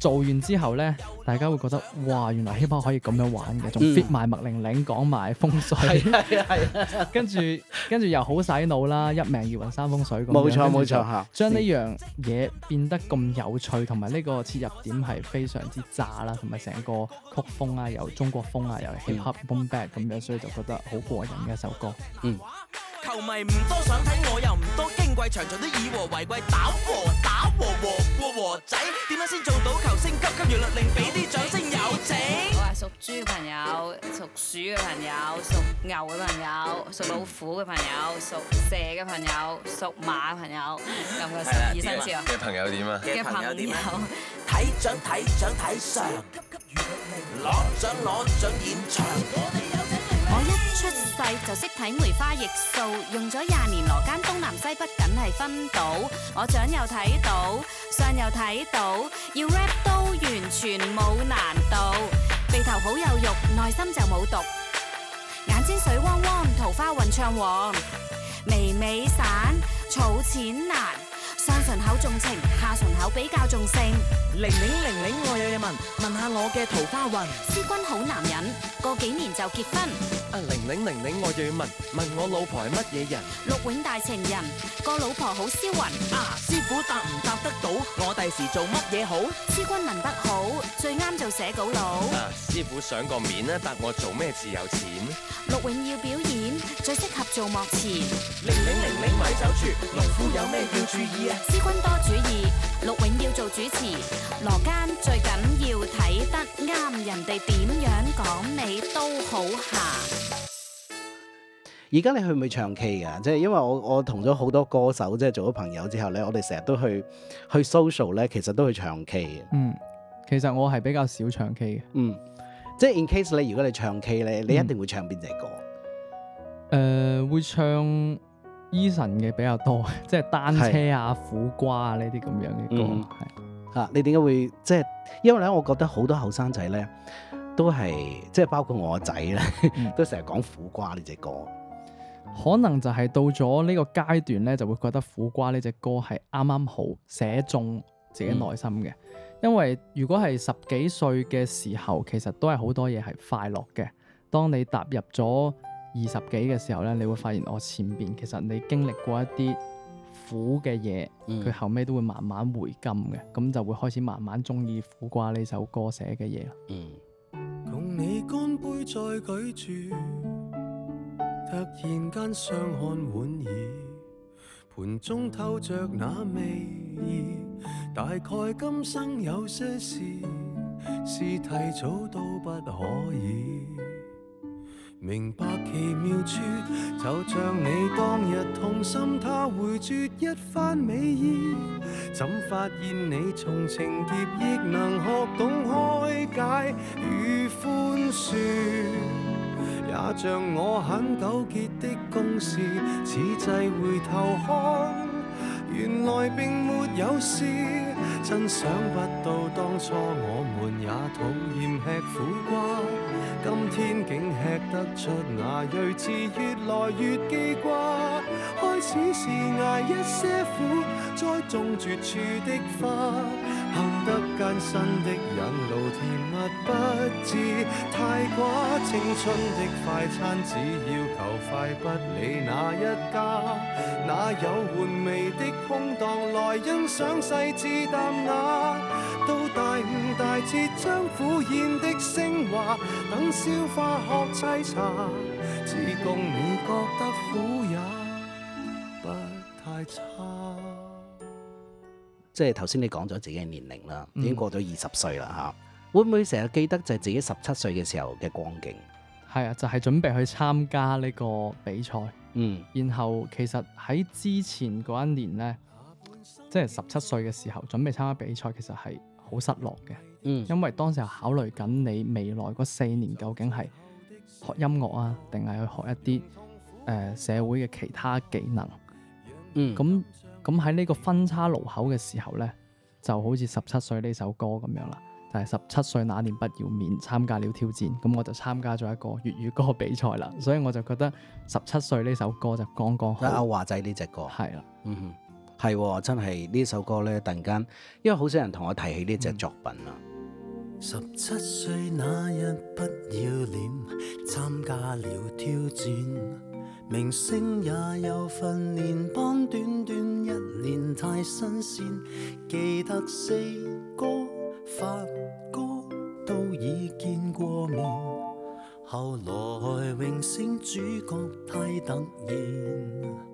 做完之後呢，大家會覺得哇，原來 hip hop 可以咁樣玩嘅，仲 fit 埋麥玲玲講埋風水，係 [laughs] [laughs] 跟住跟住又好洗腦啦，一命二運三風水咁，冇錯冇錯嚇，將呢樣嘢變得咁有趣，同埋呢個切入點係非常之炸啦，同埋成個曲風啊，有中國風啊，有 hip hop boom back 咁樣，所以就覺得好過癮嘅一首歌，嗯。 [music] 球迷唔多想睇我又唔多，矜貴場場都以和為貴，打和打和和過和，和仔，點樣先做到球星急急如律令俾啲掌聲有請？我係屬豬嘅朋友，屬鼠嘅朋，朋友，屬牛嘅朋友，屬老虎嘅朋友，屬蛇嘅朋友，屬馬嘅朋友，咁個十二生肖嘅朋友點啊？嘅朋友點啊？睇掌友、睇掌、睇上急急如律令，攞獎攞獎現場。 [music] 我一出世就識睇梅花易數，用咗廿年羅間東南西北梗係分到，我掌又睇到，相又睇到，要 rap 都完全冇難度，鼻頭好有肉，內心就冇毒，眼睛水汪汪，桃花運暢旺，眉尾散，儲錢難。上唇口重情，下唇口比較重性。玲玲玲玲，我有嘢問，問下我嘅桃花運。師君好男人，過幾年就結婚。阿玲玲玲玲，我又要問，問我老婆係乜嘢人？陸永大情人，個老婆好銷魂。啊，師傅答唔答得到？我第時做乜嘢好？師君問得好，最啱做寫稿佬。啊，師傅賞個面啦，答我做咩至有錢？陸永要表現。最適合做幕前，玲玲玲玲咪走住。農夫有咩要注意啊？C 君多主意，主陸永要做主持，羅姍最緊要睇得啱，人哋點樣講你都好行。而家你去唔去唱 K 㗎？即係因為我我同咗好多歌手即係做咗朋友之後咧，我哋成日都去去 social 咧，其實都去唱 K 嘅。嗯，其實我係比較少唱 K 嘅。嗯，即係 in case 你如果你唱 K 咧，你一定會唱邊隻歌？嗯誒、呃，會唱 Eason 嘅比較多，即係單車啊、是苦瓜啊呢啲咁樣嘅歌，係吓、嗯是啊、你點解會即係？因為咧，我覺得好多後生仔咧都係即係，包括我仔咧 [laughs] 都成日講苦瓜呢隻歌，嗯、可能就係到咗呢個階段咧，就會覺得苦瓜呢隻歌係啱啱好寫中自己內心嘅。嗯、因為如果係十幾歲嘅時候，其實都係好多嘢係快樂嘅。當你踏入咗。二十幾嘅時候咧，你會發現我前面其實你經歷過一啲苦嘅嘢，佢、嗯、後尾都會慢慢回甘嘅，咁就會開始慢慢鍾意苦瓜呢首歌寫嘅嘢啦。嗯。明白其妙處，就像你當日痛心，他回絕一番美意，怎發現你從情劫亦能學懂開解與寬恕？也像我很糾結的公事，此際回頭看，原來並沒有事，真想不到當初我們也討厭吃苦瓜。今天竟吃得出那睿智，越來越記掛。開始時捱一些苦，栽種絕處的花。幸得艱辛的引路，甜蜜不致太寡。青春的快餐只要求快，不理哪一家。哪有玩味的空檔來欣賞細緻淡雅？到大五大節，將苦宴的升華，等消化學沏茶，只共你覺得苦也不太差。即係頭先你講咗自己嘅年齡啦，已經過咗二十歲啦，吓、嗯、會唔會成日記得就係自己十七歲嘅時候嘅光景？係啊，就係、是、準備去參加呢個比賽。嗯，然後其實喺之前嗰一年呢，即係十七歲嘅時候準備參加比賽，其實係。好失落嘅，嗯、因為當時又考慮緊你未來嗰四年究竟係學音樂啊，定係去學一啲誒、呃、社會嘅其他技能。嗯，咁咁喺呢個分叉路口嘅時候呢，就好似十七歲呢首歌咁樣啦。就係十七歲那年不要面參加了挑戰，咁我就參加咗一個粵語歌比賽啦。所以我就覺得十七歲呢首歌就剛剛好。阿華仔呢隻歌，係啦，嗯哼。係喎，真係呢首歌呢。突然間，因為好少人同我提起呢隻作品啊。嗯、十七歲那日不要臉，參加了挑戰，明星也有訓練班，短短一年太新鮮。記得四哥、發哥都已見過面，後來榮升主角太突然。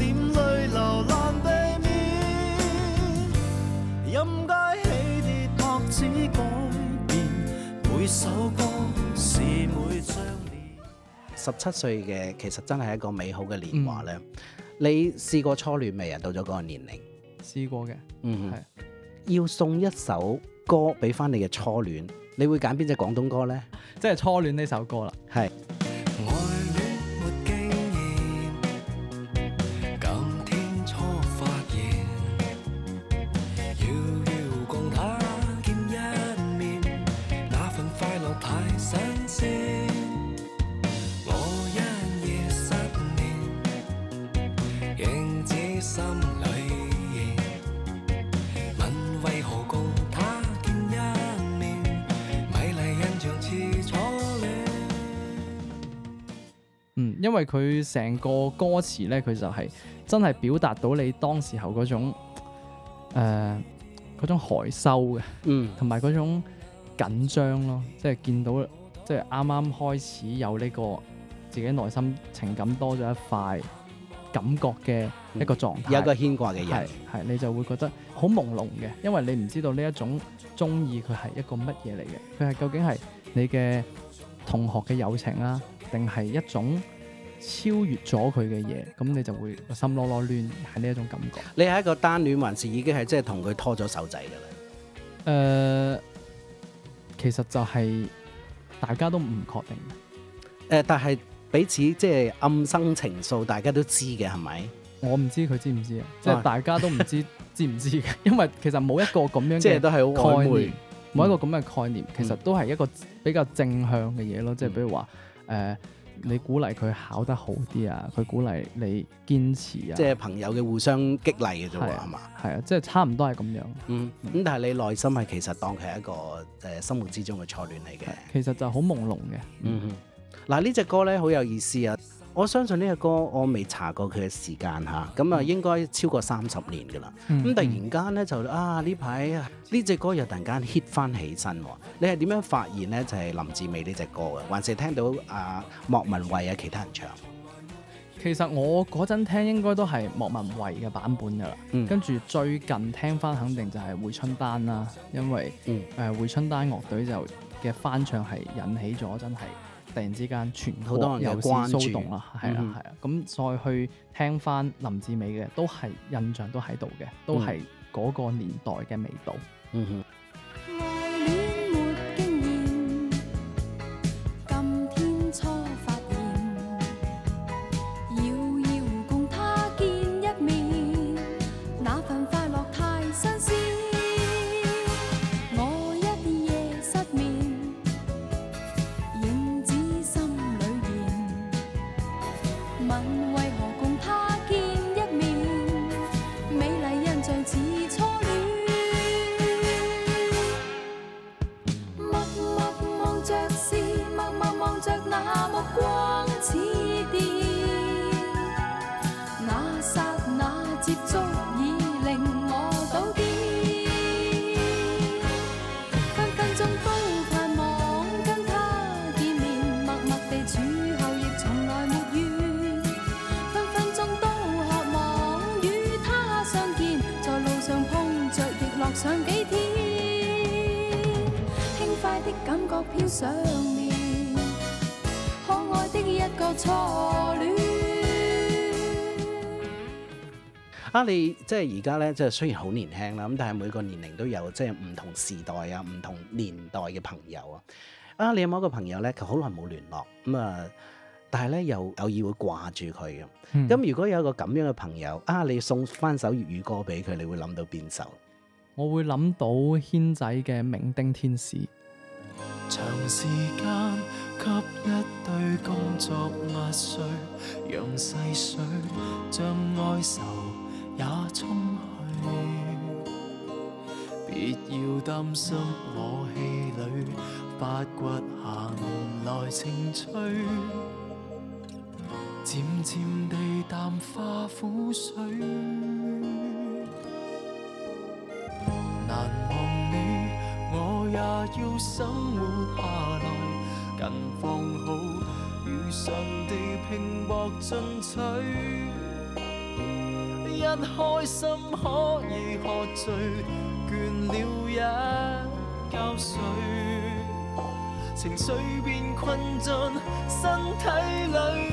十七歲嘅其實真係一個美好嘅年華咧，嗯、你試過初戀未啊？到咗嗰個年齡，試過嘅，嗯，係要送一首歌俾翻你嘅初戀，你會揀邊隻廣東歌呢？即係初戀呢首歌啦，係。佢成個歌詞咧，佢就係真係表達到你當時候嗰種誒、呃、嗰種害羞嘅，嗯，同埋嗰種緊張咯，即係見到，即係啱啱開始有呢個自己內心情感多咗一塊感覺嘅一個狀態，嗯，有一個牽掛嘅人係，係你就會覺得好朦朧嘅，因為你唔知道呢一種中意佢係一個乜嘢嚟嘅，佢係究竟係你嘅同學嘅友情啊，定係一種？超越咗佢嘅嘢，咁你就會心囉囉攣，係呢一種感覺。你係一個單戀，還是已經係即係同佢拖咗手仔噶啦？誒、呃，其實就係大家都唔確定。誒、呃，但係彼此即係、就是、暗生情愫，大家都知嘅係咪？我唔知佢知唔知啊，即係大家都唔知， [laughs] 知唔知？因為其實冇一個咁樣嘅，即係都係好概念，冇、嗯、一個咁嘅概念，其實都係一個比較正向嘅嘢咯。即係、嗯嗯、比如話，誒、呃。你鼓勵佢考得好啲啊，佢鼓勵你堅持啊，即係朋友嘅互相激勵嘅啫喎，係嘛？係啊，即係吧、啊，就是、差唔多係咁樣。嗯，咁、嗯、但係你內心係其實當佢係一個誒生活之中嘅錯亂嚟嘅。其實就好朦朧嘅。嗯，嗱，呢隻歌咧好有意思啊！我相信呢隻歌，我未查過佢嘅時間嚇，咁啊、嗯、應該超過三十年噶啦。咁、嗯、突然間咧就啊呢排呢隻歌又突然間 hit 翻起身，你係點樣發現咧？就係、是、林志美呢隻歌嘅，還是聽到啊莫文蔚啊其他人唱？其實我嗰陣聽應該都係莫文蔚嘅版本噶啦，跟住、嗯、最近聽翻肯定就係回春丹啦，因為誒回、嗯呃、春丹樂隊就嘅翻唱係引起咗真係。突然之間，全國有絲騷動啦，係啦，係啊，咁、嗯哼啊啊、再去聽翻林志美嘅，都係印象都喺度嘅，嗯、哼都係嗰個年代嘅味道。嗯哼。啊、你即係而家咧，即係雖然好年輕啦，咁但係每個年齡都有即係唔同時代啊、唔同年代嘅朋友啊。啊，你有冇一個朋友咧？佢好耐冇聯絡，咁啊，但係咧又偶爾會掛住佢嘅。咁、嗯、如果有一個咁樣嘅朋友，啊，你送翻首粵語歌俾佢，你會諗到邊首？我會諗到軒仔嘅《明丁天使》。長時間給一對工作壓碎、啊，讓細水將哀愁。也衝去，別要擔心我氣餒，發掘，行來情趣，漸漸地淡化苦水。難忘你，我也要生活下來，近況好，如上地拼搏進取。一開心可以喝醉，倦了一覺睡，情緒便困進身體裡。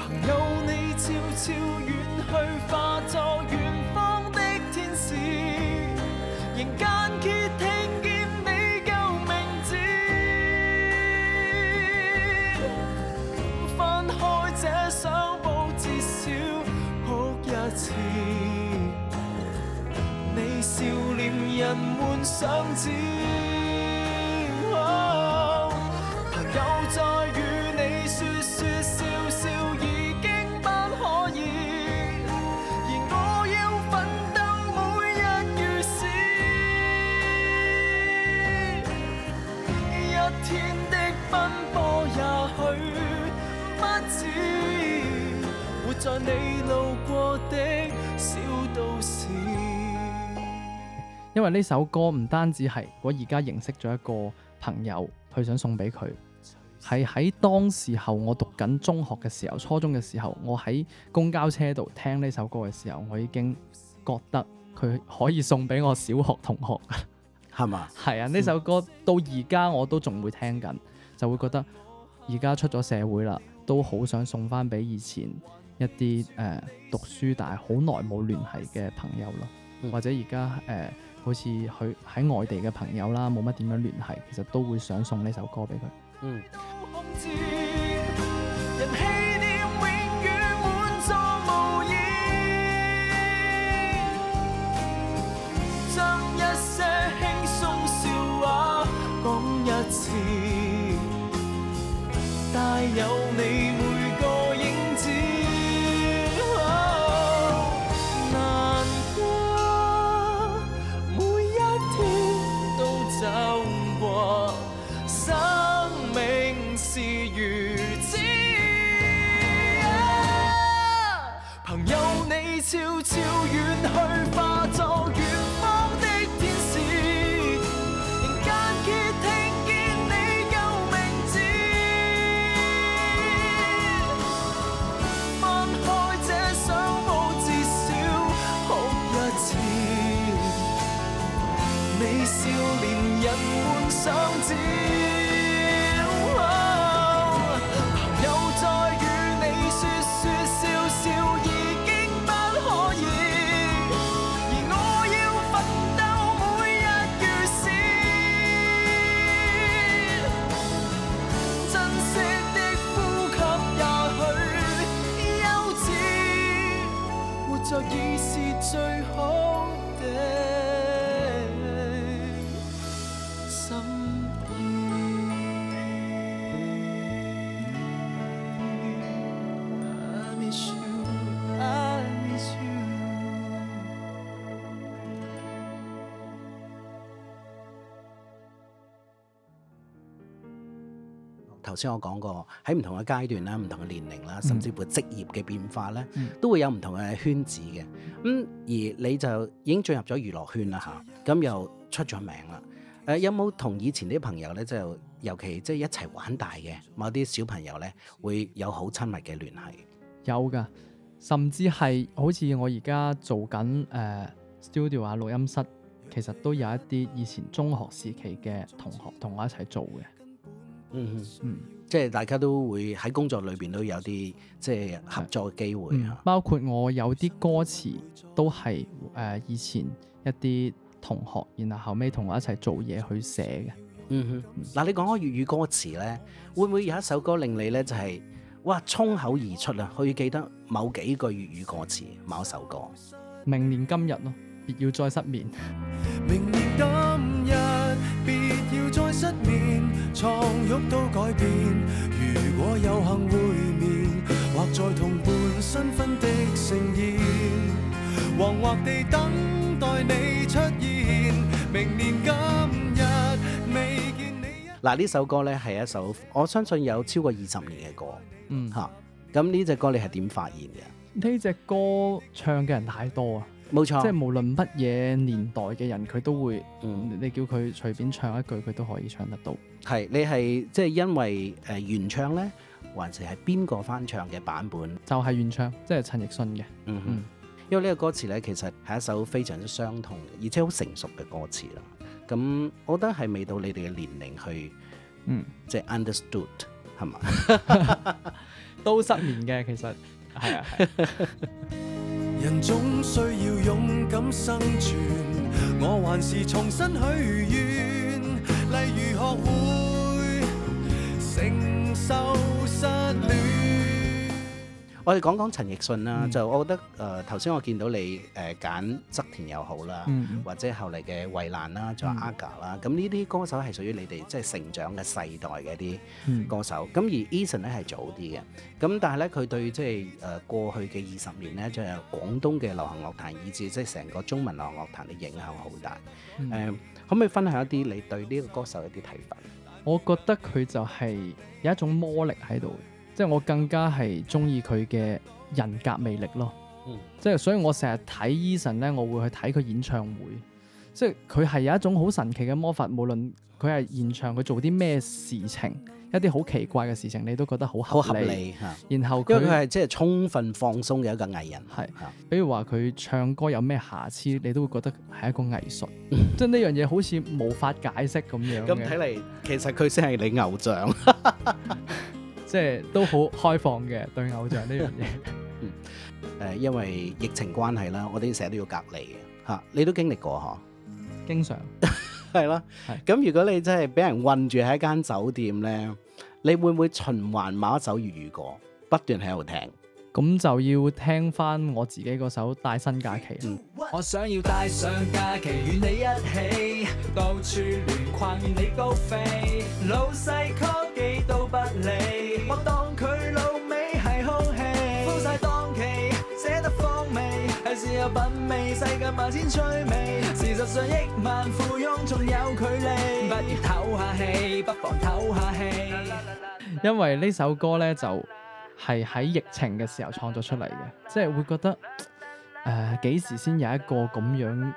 朋友，你悄悄遠去。相知朋友再與你說說笑笑已經不可以，而我要奮鬥每日如是，一天的奔波也許不止，活在你路過的小道。笑因為呢首歌唔單止係我而家認識咗一個朋友，佢想送俾佢，係喺當時候我讀緊中學嘅時候，初中嘅時候，我喺公交車度聽呢首歌嘅時候，我已經覺得佢可以送俾我小學同學噶，係 [laughs] 嘛吧？係啊，呢首歌到而家我都仲會聽緊，就會覺得而家出咗社會啦，都好想送翻俾以前一啲誒、呃、讀書但係好耐冇聯繫嘅朋友咯，或者而家誒。呃好似去喺外地嘅朋友啦，冇乜點樣聯繫，其實都會想送呢首歌俾佢。嗯。頭先我講過喺唔同嘅階段啦、唔同嘅年齡啦，甚至乎職業嘅變化咧，嗯、都會有唔同嘅圈子嘅。咁、嗯、而你就已經進入咗娛樂圈啦，嚇、啊、咁又出咗名啦。誒、啊、有冇同以前啲朋友咧，就尤其即係一齊玩大嘅某啲小朋友咧，會有好親密嘅聯繫？有噶，甚至係好似我而家做緊誒、呃、studio 啊錄音室，其實都有一啲以前中學時期嘅同學同我一齊做嘅。嗯嗯，即係大家都會喺工作裏邊都有啲即係合作嘅機會啊、嗯！包括我有啲歌詞都係誒、呃、以前一啲同學，然後後尾同我一齊做嘢去寫嘅。嗯哼，嗱、嗯嗯、你講開粵語歌詞咧，會唔會有一首歌令你咧就係、是、哇沖口而出啊？可以記得某幾句粵語歌詞，某首歌，明年今日咯，別要再失眠。明年今日，別要再失眠。床褥都改變。如果有幸會面，或在同伴新婚的盛宴，惶惑地等待你出現。明年今日未見你一。嗱，呢首歌咧係一首，我相信有超過二十年嘅歌。嗯，吓？咁呢隻歌你係點發現嘅？呢隻歌唱嘅人太多啊，冇錯，即係無論乜嘢年代嘅人，佢都會，嗯，你叫佢隨便唱一句，佢都可以唱得到。係你係即係因為誒原唱呢，還是係邊個翻唱嘅版本？就係原唱，即係陳奕迅嘅。嗯，因為呢個歌詞呢，其實係一首非常之傷痛，而且好成熟嘅歌詞啦。咁我覺得係未到你哋嘅年齡去，嗯，即係 understood，係嘛？ [laughs] 都失眠嘅，其實係啊。 [laughs] 人總需要勇敢生存，我還是重新許願。例如學會承受失戀，我哋講講陳奕迅啦。就我覺得，誒頭先我見到你誒揀側田又好啦，或者後嚟嘅衞蘭啦，仲有 Aga 啦。咁呢啲歌手係屬於你哋即係成長嘅世代嘅一啲歌手。咁而 Eason 咧係早啲嘅。咁但係咧佢對即係誒過去嘅二十年咧，就係廣東嘅流行樂壇以至即係成個中文流行樂壇嘅影響好大。誒。可唔可以分享一啲你對呢個歌手嘅一啲睇法？我覺得佢就係有一種魔力喺度，即係我更加係中意佢嘅人格魅力咯。嗯，即係所以我成日睇 Eason 咧，我會去睇佢演唱會，即係佢係有一種好神奇嘅魔法，無論佢係現場佢做啲咩事情。一啲好奇怪嘅事情，你都覺得好合理，然後佢係即係充分放鬆嘅一個藝人，係。比如話佢唱歌有咩瑕疵，你都會覺得係一個藝術，即係呢樣嘢好似無法解釋咁樣。咁睇嚟，其實佢先係你偶像，即係都好開放嘅對偶像呢樣嘢。因為疫情關係啦，我哋成日都要隔離嘅吓，你都經歷過嗬？經常係咯，係。咁如果你真係俾人困住喺一間酒店呢。你會唔會循環某一首粵語歌，不斷喺度聽？咁就要聽翻我自己嗰首《帶薪假期》啦。嗯 [music] 事實有品味，世界萬千趣味。事實上，億萬富翁仲有距離。不如唞下氣，不妨唞下氣，因為呢首歌咧就係、是、喺疫情嘅時候創作出嚟嘅，即係會覺得誒幾、呃、時先有一個咁樣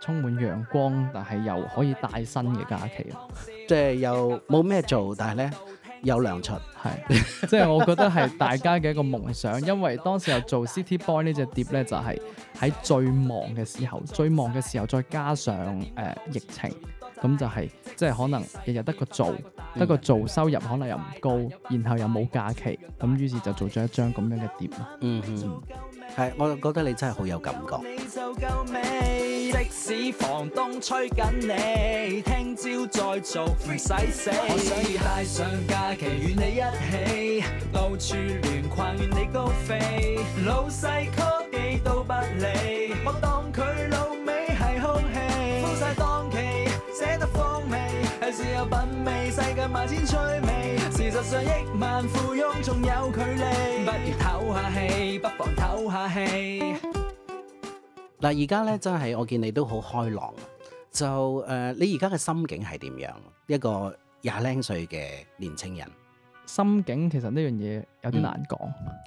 充滿陽光，但係又可以帶薪嘅假期咯，即係又冇咩做，但係咧。有糧出， [laughs] 係即係，我覺得係大家嘅一個夢想。因為當時候做 City Boy 呢隻碟呢，就係、是、喺最忙嘅時候，最忙嘅時候，再加上誒、呃、疫情，咁就係即係可能日日得個做，得個、嗯、做收入可能又唔高，然後又冇假期，咁於是就做咗一張咁樣嘅碟咯。嗯嗯，係，我就覺得你真係好有感覺。即使房東催緊你，聽朝再做唔使死。我想要帶薪假期與你一起，到處亂逛，願你高飛。 [music] 老細 call 你都不理，我當佢老尾係空氣。敷晒檔期，捨得風味，係自有品味，世界萬千趣味。事實上億萬富翁仲有距離， [music] 不如唞下氣，不妨唞下氣。嗱，而家咧真係我見你都好開朗，就誒、呃，你而家嘅心境係點樣？一個廿零歲嘅年青人，心境其實呢樣嘢有啲難講、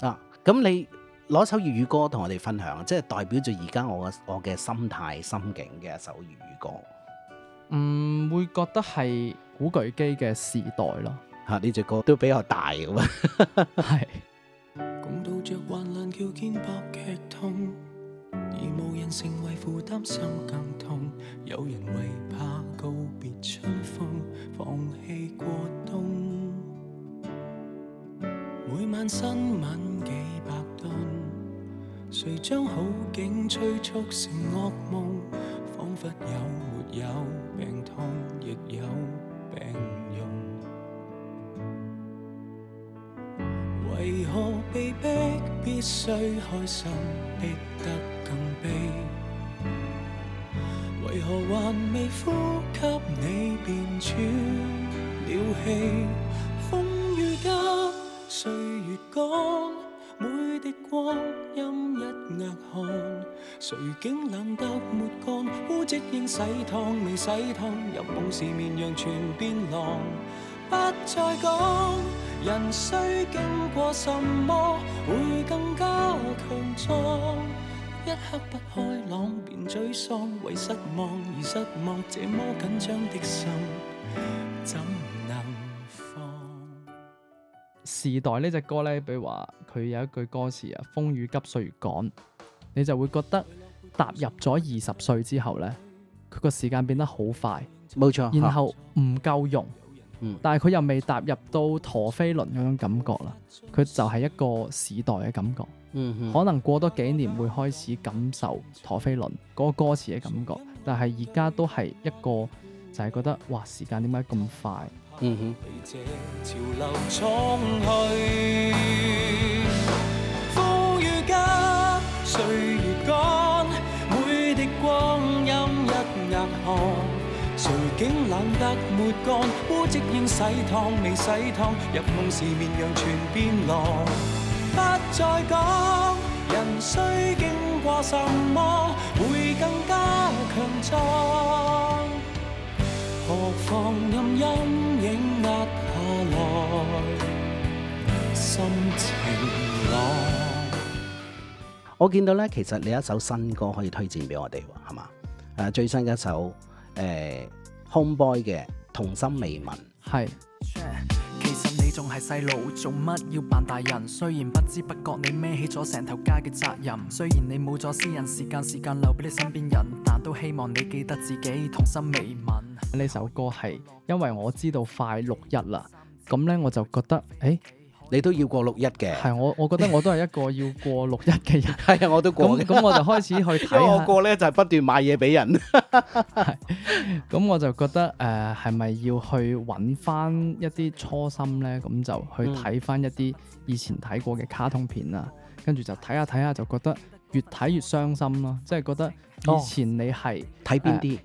嗯。啊，咁你攞首粵語歌同我哋分享即係代表住而家我嘅我嘅心態心境嘅一首粵語歌。唔、嗯、會覺得係古巨基嘅時代咯。嚇、啊，呢隻歌都比較大嘅喎，係。 [laughs] 而無人成為負擔，心更痛。有人為怕告別春風，放棄過冬。每晚新聞幾百噸，誰將好景催促成噩夢？彷彿有沒有病痛，亦有。為何被逼必須開心，逼得更悲。為何還未呼吸你便喘了氣？風雨急，歲月趕，每滴光陰一額汗。誰竟懶得抹乾污漬？應洗燙未洗燙，入夢時綿羊全變狼。不再講人需經過什麼會更加強壯，一刻不開朗便沮喪，為失望而失望，這麼緊張的心怎能放？時代呢隻歌呢，比如話佢有一句歌詞啊，風雨急，歲月趕，你就會覺得踏入咗二十歲之後呢，佢個時間變得好快，冇錯，然後唔夠用。嗯，但係佢又未踏入到陀飛輪嗰種感覺啦，佢就係一個時代嘅感覺。嗯哼，可能過多幾年會開始感受陀飛輪嗰個歌詞嘅感覺，但係而家都係一個就係覺得，哇！時間點解咁快？嗯哼。嗯哼。竟冷得沒幹，污跡應洗燙未洗燙，入夢時綿羊全變狼。不再講，人需經過什麼會更加強壯，何妨任陰影壓下來，心情朗。我見到咧，其實你有一首新歌可以推薦俾我哋，係嘛？誒，最新嘅一首誒。HomeBoy 嘅童心未泯，係是 [music] 其實你仲係細路，做乜要扮大人？雖然不知不覺你孭起咗成頭家嘅責任，雖然你冇咗私人時間，時間留俾你身邊人，但都希望你記得自己童心未泯。呢 [music] 首歌係因為我知道快六一啦，咁呢，我就覺得，誒、哎。你都要過六一嘅，係我，我覺得我都係一個要過六一嘅人。係啊， [laughs] 我都過。咁咁 [laughs] 我就開始去睇。因為我過咧就係、是、不斷買嘢俾人。咁 [laughs] 我就覺得誒，係、呃、咪要去揾翻一啲初心咧？咁就去睇翻一啲以前睇過嘅卡通片啊，跟住就睇下睇下，就覺得越睇越傷心咯。即係覺得以前你係睇邊啲？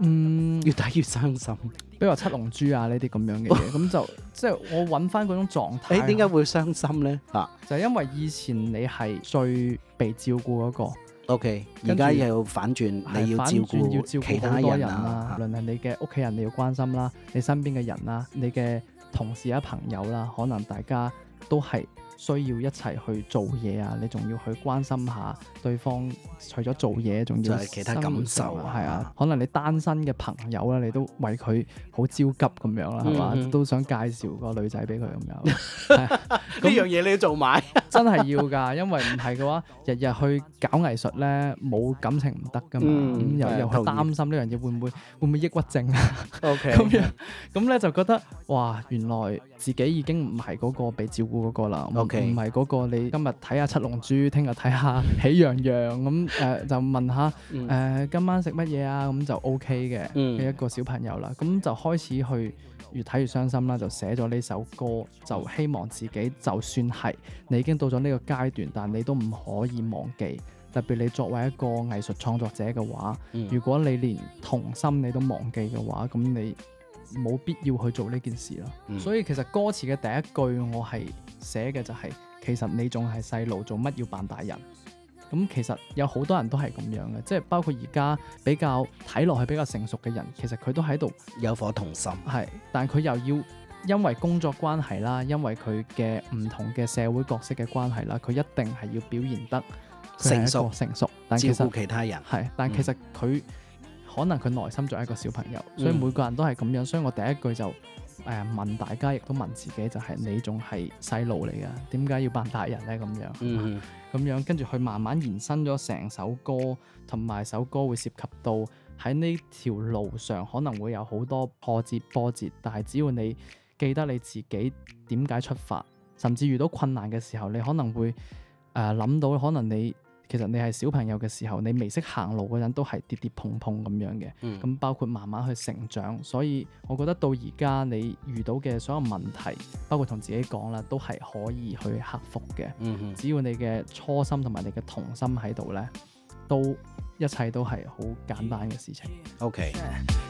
嗯，越睇越傷心。比如話七龍珠啊呢啲咁樣嘅嘢，咁 [laughs] 就即係、就是、我揾翻嗰種狀態。你點解會傷心咧？啊，就係因為以前你係最被照顧嗰、嗰個。O K，而家又反轉，是你要照顧反轉要照顧其他人啦、啊。無論係你嘅屋企人，你要關心啦、啊，你身邊嘅人啦、啊，你嘅同事啊朋友啦，可能大家都係需要一齊去做嘢啊，你仲要去關心下。對方除咗做嘢，仲要係其他感受，係啊。可能你單身嘅朋友咧，你都為佢好焦急咁樣啦，係嘛？都想介紹個女仔俾佢咁樣。呢樣嘢你要做埋，真係要㗎。因為唔係嘅話，日日去搞藝術咧，冇感情唔得㗎嘛。咁又又擔心呢樣嘢會唔會會唔會抑鬱症啊？OK。咁樣咁咧就覺得哇，原來自己已經唔係嗰個被照顧嗰個啦。OK。唔係嗰個你今日睇下《七龍珠》，聽日睇下《喜羊羊》。樣咁誒，就問下誒，今晚食乜嘢啊？咁、嗯、就 O K 嘅嘅一個小朋友啦。咁就開始去越睇越傷心啦，就寫咗呢首歌，就希望自己就算係你已經到咗呢個階段，但你都唔可以忘記。特別你作為一個藝術創作者嘅話，嗯、如果你連童心你都忘記嘅話，咁你冇必要去做呢件事啦。嗯、所以其實歌詞嘅第一句我係寫嘅就係、是、其實你仲係細路，做乜要扮大人？咁其實有好多人都係咁樣嘅，即係包括而家比較睇落去比較成熟嘅人，其實佢都喺度有顆童心。係，但佢又要因為工作關係啦，因為佢嘅唔同嘅社會角色嘅關係啦，佢一定係要表現得成熟、成熟，但其實照顧其他人。係，但其實佢、嗯、可能佢內心仲係一個小朋友，所以每個人都係咁樣。嗯、所以我第一句就。誒問大家，亦都問自己，就係、是、你仲係細路嚟㗎，點解要扮大人呢？咁樣，咁、嗯、樣跟住佢慢慢延伸咗成首歌，同埋首歌會涉及到喺呢條路上可能會有好多破折波折，但係只要你記得你自己點解出發，甚至遇到困難嘅時候，你可能會誒諗、呃、到可能你。其實你係小朋友嘅時候，你未識行路嗰陣都係跌跌碰碰咁樣嘅。咁、嗯、包括慢慢去成長，所以我覺得到而家你遇到嘅所有問題，包括同自己講啦，都係可以去克服嘅。嗯、哼只要你嘅初心同埋你嘅童心喺度咧，都。一切都係好簡單嘅事情。OK。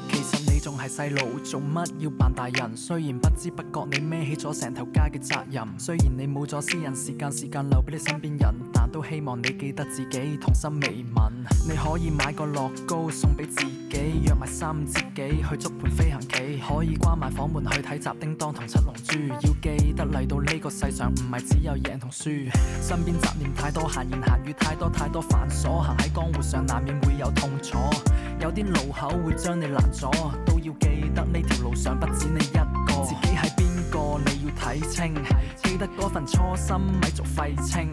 其實你仲係細路，做乜要扮大人？雖然不知不覺你孭起咗成頭家嘅責任，雖然你冇咗私人時間，時間留俾你身邊人，但都希望你記得自己童心未泯。你可以買個樂高送俾自己，約埋三五知己去捉盤飛行棋，可以關埋房門去睇叮噹同七龍珠。要記得嚟到呢個世上唔係只有贏同輸，身邊雜念太多，閒言閒語太多，太多繁瑣，行喺江湖上難免會有痛楚，有啲路口會將你攔咗，都要記得呢條路上不止你一個。自己係邊個你要睇清，記得嗰份初心咪做廢青。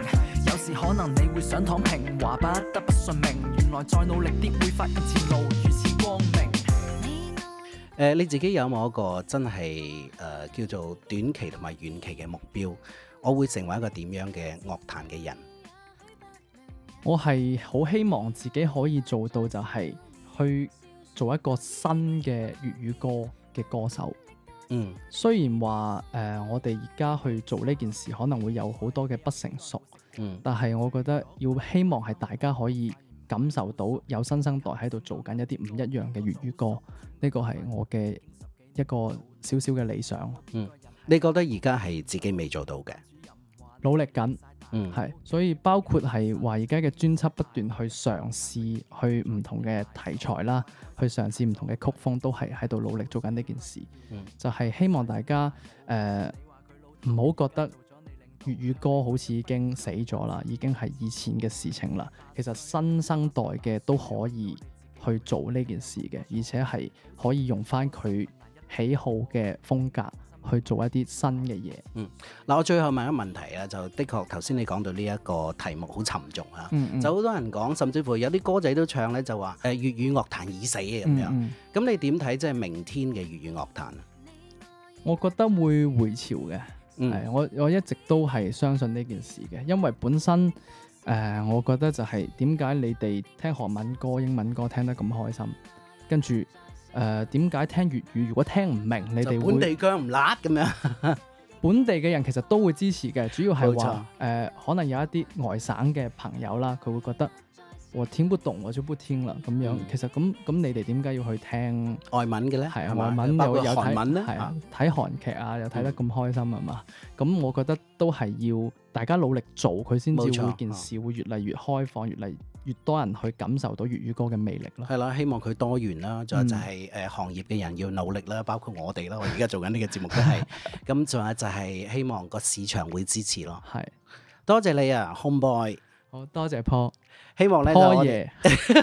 有時可能你會想躺平，話不得不信命。原來再努力啲會發現前路如此光明。誒，你自己有冇一個真係誒、呃、叫做短期同埋遠期嘅目標？我會成為一個點樣嘅樂壇嘅人？我係好希望自己可以做到，就係去做一個新嘅粵語歌嘅歌手。嗯，雖然話誒、呃，我哋而家去做呢件事可能會有好多嘅不成熟。嗯，但係我覺得要希望係大家可以感受到有新生代喺度做緊一啲唔一樣嘅粵語歌，呢個係我嘅一個少少嘅理想。嗯，你覺得而家係自己未做到嘅？努力緊。嗯，係，所以包括係話而家嘅專輯不斷去嘗試去唔同嘅題材啦，去嘗試唔同嘅曲風，都係喺度努力做緊呢件事。嗯，就係希望大家誒唔好覺得粵語歌好似已經死咗啦，已經係以前嘅事情啦。其實新生代嘅都可以去做呢件事嘅，而且係可以用返佢喜好嘅風格。去做一啲新嘅嘢。嗯，嗱，我最後問一個問題啊，就的確頭先你講到呢一個題目好沉重嚇。嗯嗯。就好多人講，甚至乎有啲歌仔都唱咧，就話誒粵語樂壇已死嘅咁樣。咁、嗯嗯、你點睇？即係明天嘅粵語樂壇啊？我覺得會回潮嘅。嗯。我我一直都係相信呢件事嘅，因為本身誒、呃，我覺得就係點解你哋聽韓文歌、英文歌聽得咁開心，跟住。誒點解聽粵語？如果聽唔明，你哋本地姜唔辣咁樣， [laughs] 本地嘅人其實都會支持嘅。主要係話誒，可能有一啲外省嘅朋友啦，佢會覺得我聽不懂，我就不聽啦咁樣。嗯、其實咁咁，你哋點解要去聽外文嘅咧？係、啊、外文有有睇韓文咧，係啊，睇韓劇啊，又睇得咁開心啊嘛。咁、嗯、我覺得都係要大家努力做，佢先至會件事會越嚟越開放，越嚟。越多人去感受到粵語歌嘅魅力咯，係啦，希望佢多元啦，仲有就係誒行業嘅人要努力啦，包括我哋啦，我而家做緊呢個節目都係，咁仲 [laughs] 有就係希望個市場會支持咯，係，多謝你啊，Homeboy。好，多謝 Paul，希望咧就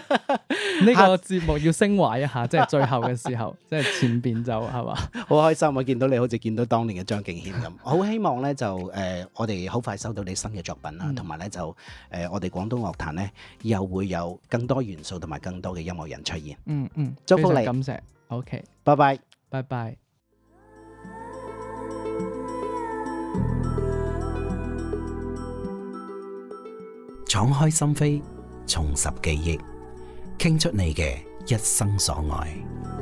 呢個節目要升華一下，即係最後嘅時候，即係前邊就係嘛，好開心啊！見到你好似見到當年嘅張敬軒咁，好希望咧就誒，我哋好快收到你新嘅作品啦，同埋咧就誒，我哋廣東樂壇咧以後會有更多元素同埋更多嘅音樂人出現。嗯嗯，祝福你，感謝。OK，拜拜，拜拜。敞開心扉，重拾記憶，傾出你嘅一生所愛。